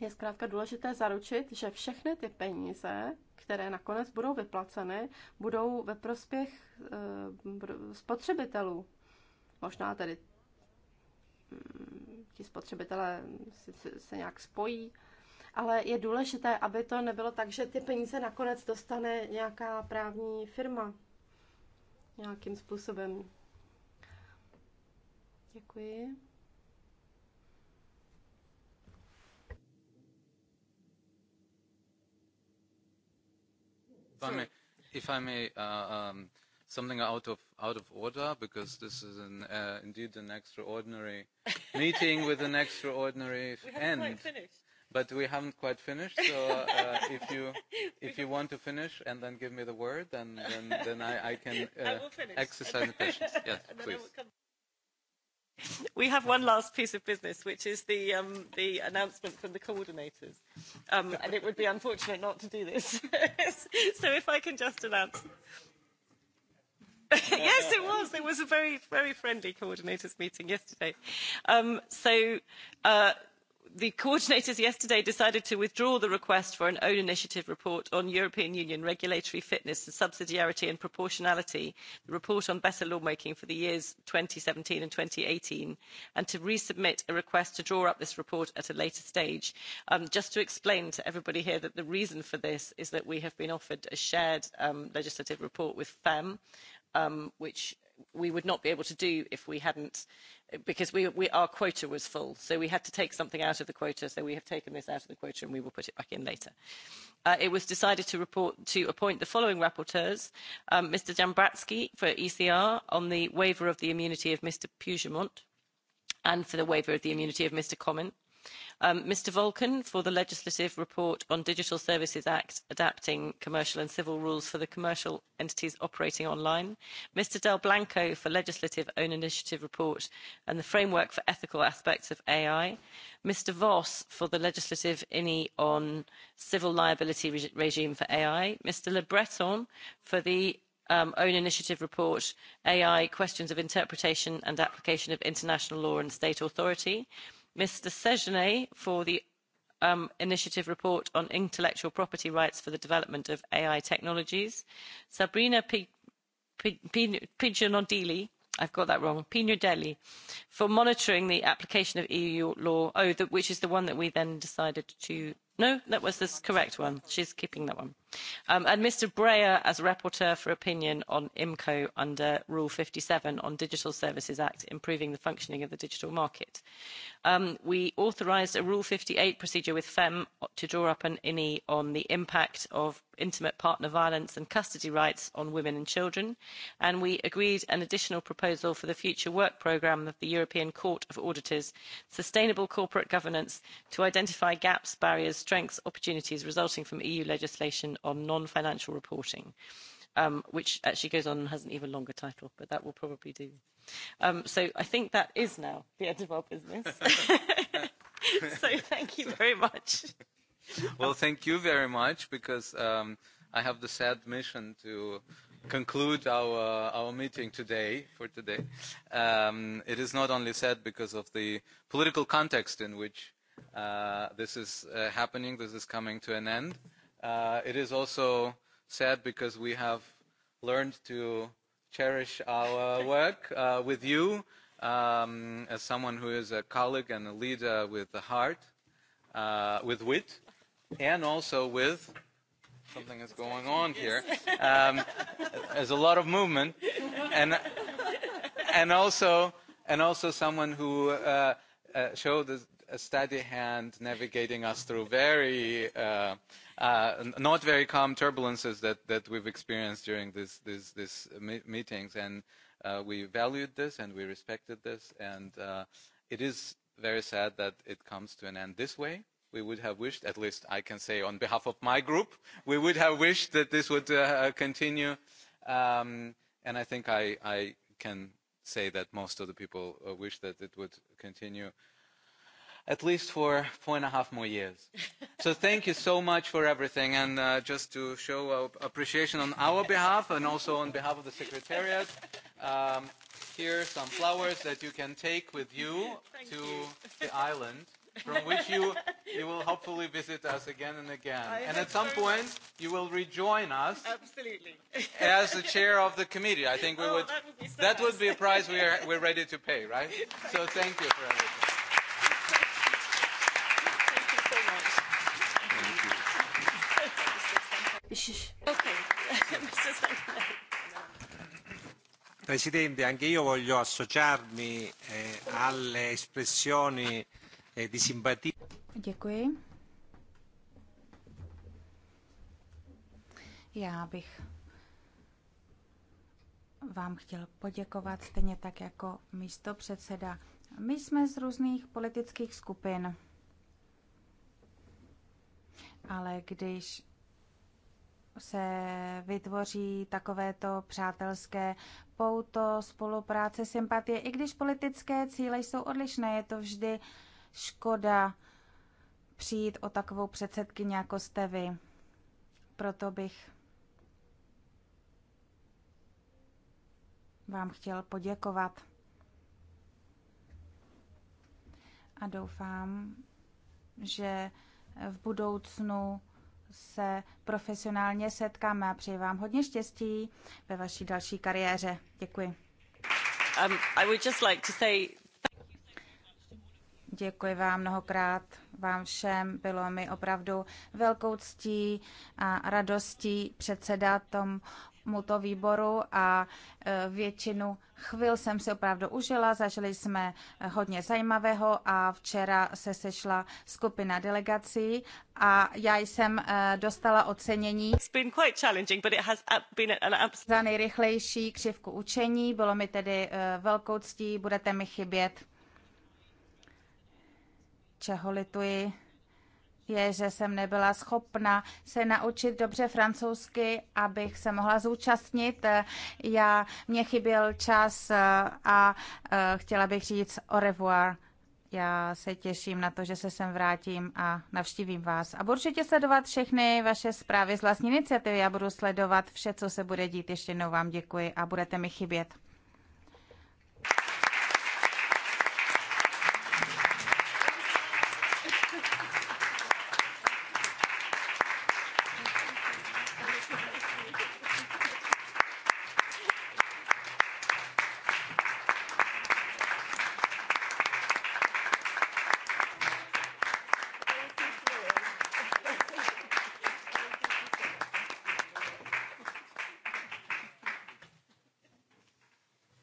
je zkrátka důležité zaručit, že všechny ty peníze, které nakonec budou vyplaceny, budou ve prospěch eh, spotřebitelů. Možná tedy mm, ti spotřebitelé se nějak spojí, ale je důležité, aby to nebylo tak, že ty peníze nakonec dostane nějaká právní firma nějakým způsobem. Děkuji. if I may, uh, um, something out of out of order because this is an, uh, indeed an extraordinary meeting with an extraordinary we haven't end. Quite finished. But we haven't quite finished, so uh, if you if you want to finish and then give me the word, then then, then I, I can uh, I will exercise the patience. Yes, please we have one last piece of business, which is the, um, the announcement from the coordinators. Um, and it would be unfortunate not to do this. so if I can just announce. yes, it was. It was a very, very friendly coordinators meeting yesterday. Um, so uh, the coordinators yesterday decided to withdraw the request for an own initiative report on European Union regulatory fitness and subsidiarity and proportionality, the report on better lawmaking for the years 2017 and 2018, and to resubmit a request to draw up this report at a later stage. Um, just to explain to everybody here that the reason for this is that we have been offered a shared um, legislative report with FEM, um, which we would not be able to do if we hadn't, because we, we, our quota was full. So we had to take something out of the quota. So we have taken this out of the quota and we will put it back in later. Uh, it was decided to, report, to appoint the following rapporteurs, um, Mr. Jambratsky for ECR on the waiver of the immunity of Mr. pugemont and for the waiver of the immunity of Mr. Comment Mr um, Vulcan for the legislative report on Digital Services Act adapting commercial and civil rules for the commercial entities operating online. Mr Del Blanco for legislative own initiative report and the framework for ethical aspects of AI. Mr Voss for the legislative INI on civil liability regime for AI. Mr Le Breton for the um, own initiative report AI questions of interpretation and application of international law and state authority. and Mr. Sejourné for the um, initiative report on intellectual property rights for the development of AI technologies, Sabrina P- Pignodili, I've got that wrong, Pignodeli, for monitoring the application of EU law, oh, the, which is the one that we then decided to no that was the correct one she's keeping that one um, and mr breyer as rapporteur for opinion on imco under rule 57 on digital services act improving the functioning of the digital market um, we authorised a rule 58 procedure with fem to draw up an ini on the impact of intimate partner violence and custody rights on women and children and we agreed an additional proposal for the future work programme of the european court of auditors sustainable corporate governance to identify gaps barriers strengths opportunities resulting from EU legislation on non-financial reporting, um, which actually goes on and has an even longer title, but that will probably do. Um, so I think that is now the end of our business. so thank you very much. well, thank you very much because um, I have the sad mission to conclude our our meeting today for today. Um, it is not only sad because of the political context in which Uh, this is uh, happening. This is coming to an end. Uh, it is also sad because we have learned to cherish our work uh, with you um, as someone who is a colleague and a leader with the heart, uh, with wit, and also with something is going on here. Um, there's a lot of movement, and and also and also someone who uh, uh, showed this, a steady hand navigating us through very uh, uh, not very calm turbulences that, that we've experienced during these this, this meetings. And uh, we valued this and we respected this. And uh, it is very sad that it comes to an end this way. We would have wished, at least I can say on behalf of my group, we would have wished that this would uh, continue. Um, and I think I, I can say that most of the people uh, wish that it would continue at least for four and a half more years. so thank you so much for everything. And uh, just to show our appreciation on our behalf and also on behalf of the Secretariat, um, here some flowers that you can take with you thank to you. the island. from which you you will hopefully visit us again and again. I and at some so point much. you will rejoin us. Absolutely. as the chair of the committee, I think we oh, would. That would be, so that nice. would be a prize we are we're ready to pay, right? Thank so thank you for everything. Presidente, anche io voglio associarmi eh, alle espressioni eh, di simpatia. Děkuji. Já bych vám chtěl poděkovat stejně tak jako místo předseda. My jsme z různých politických skupin, ale když se vytvoří takovéto přátelské pouto, spolupráce, sympatie. I když politické cíle jsou odlišné, je to vždy škoda přijít o takovou předsedkyni, jako jste vy. Proto bych vám chtěl poděkovat. A doufám, že v budoucnu se profesionálně setkáme a přeji vám hodně štěstí ve vaší další kariéře. Děkuji. Um, I would just like to say... Děkuji vám mnohokrát, vám všem. Bylo mi opravdu velkou ctí a radostí předsedat tomu to výboru a e, většinu chvil jsem si opravdu užila. Zažili jsme e, hodně zajímavého a včera se sešla skupina delegací a já jsem e, dostala ocenění za nejrychlejší křivku učení. Bylo mi tedy velkou ctí, budete mi chybět. Čeho lituji? je, že jsem nebyla schopna se naučit dobře francouzsky, abych se mohla zúčastnit. Já, mě chyběl čas eh, a eh, chtěla bych říct au revoir. Já se těším na to, že se sem vrátím a navštívím vás. A budu určitě sledovat všechny vaše zprávy z vlastní iniciativy. Já budu sledovat vše, co se bude dít. Ještě jednou vám děkuji a budete mi chybět.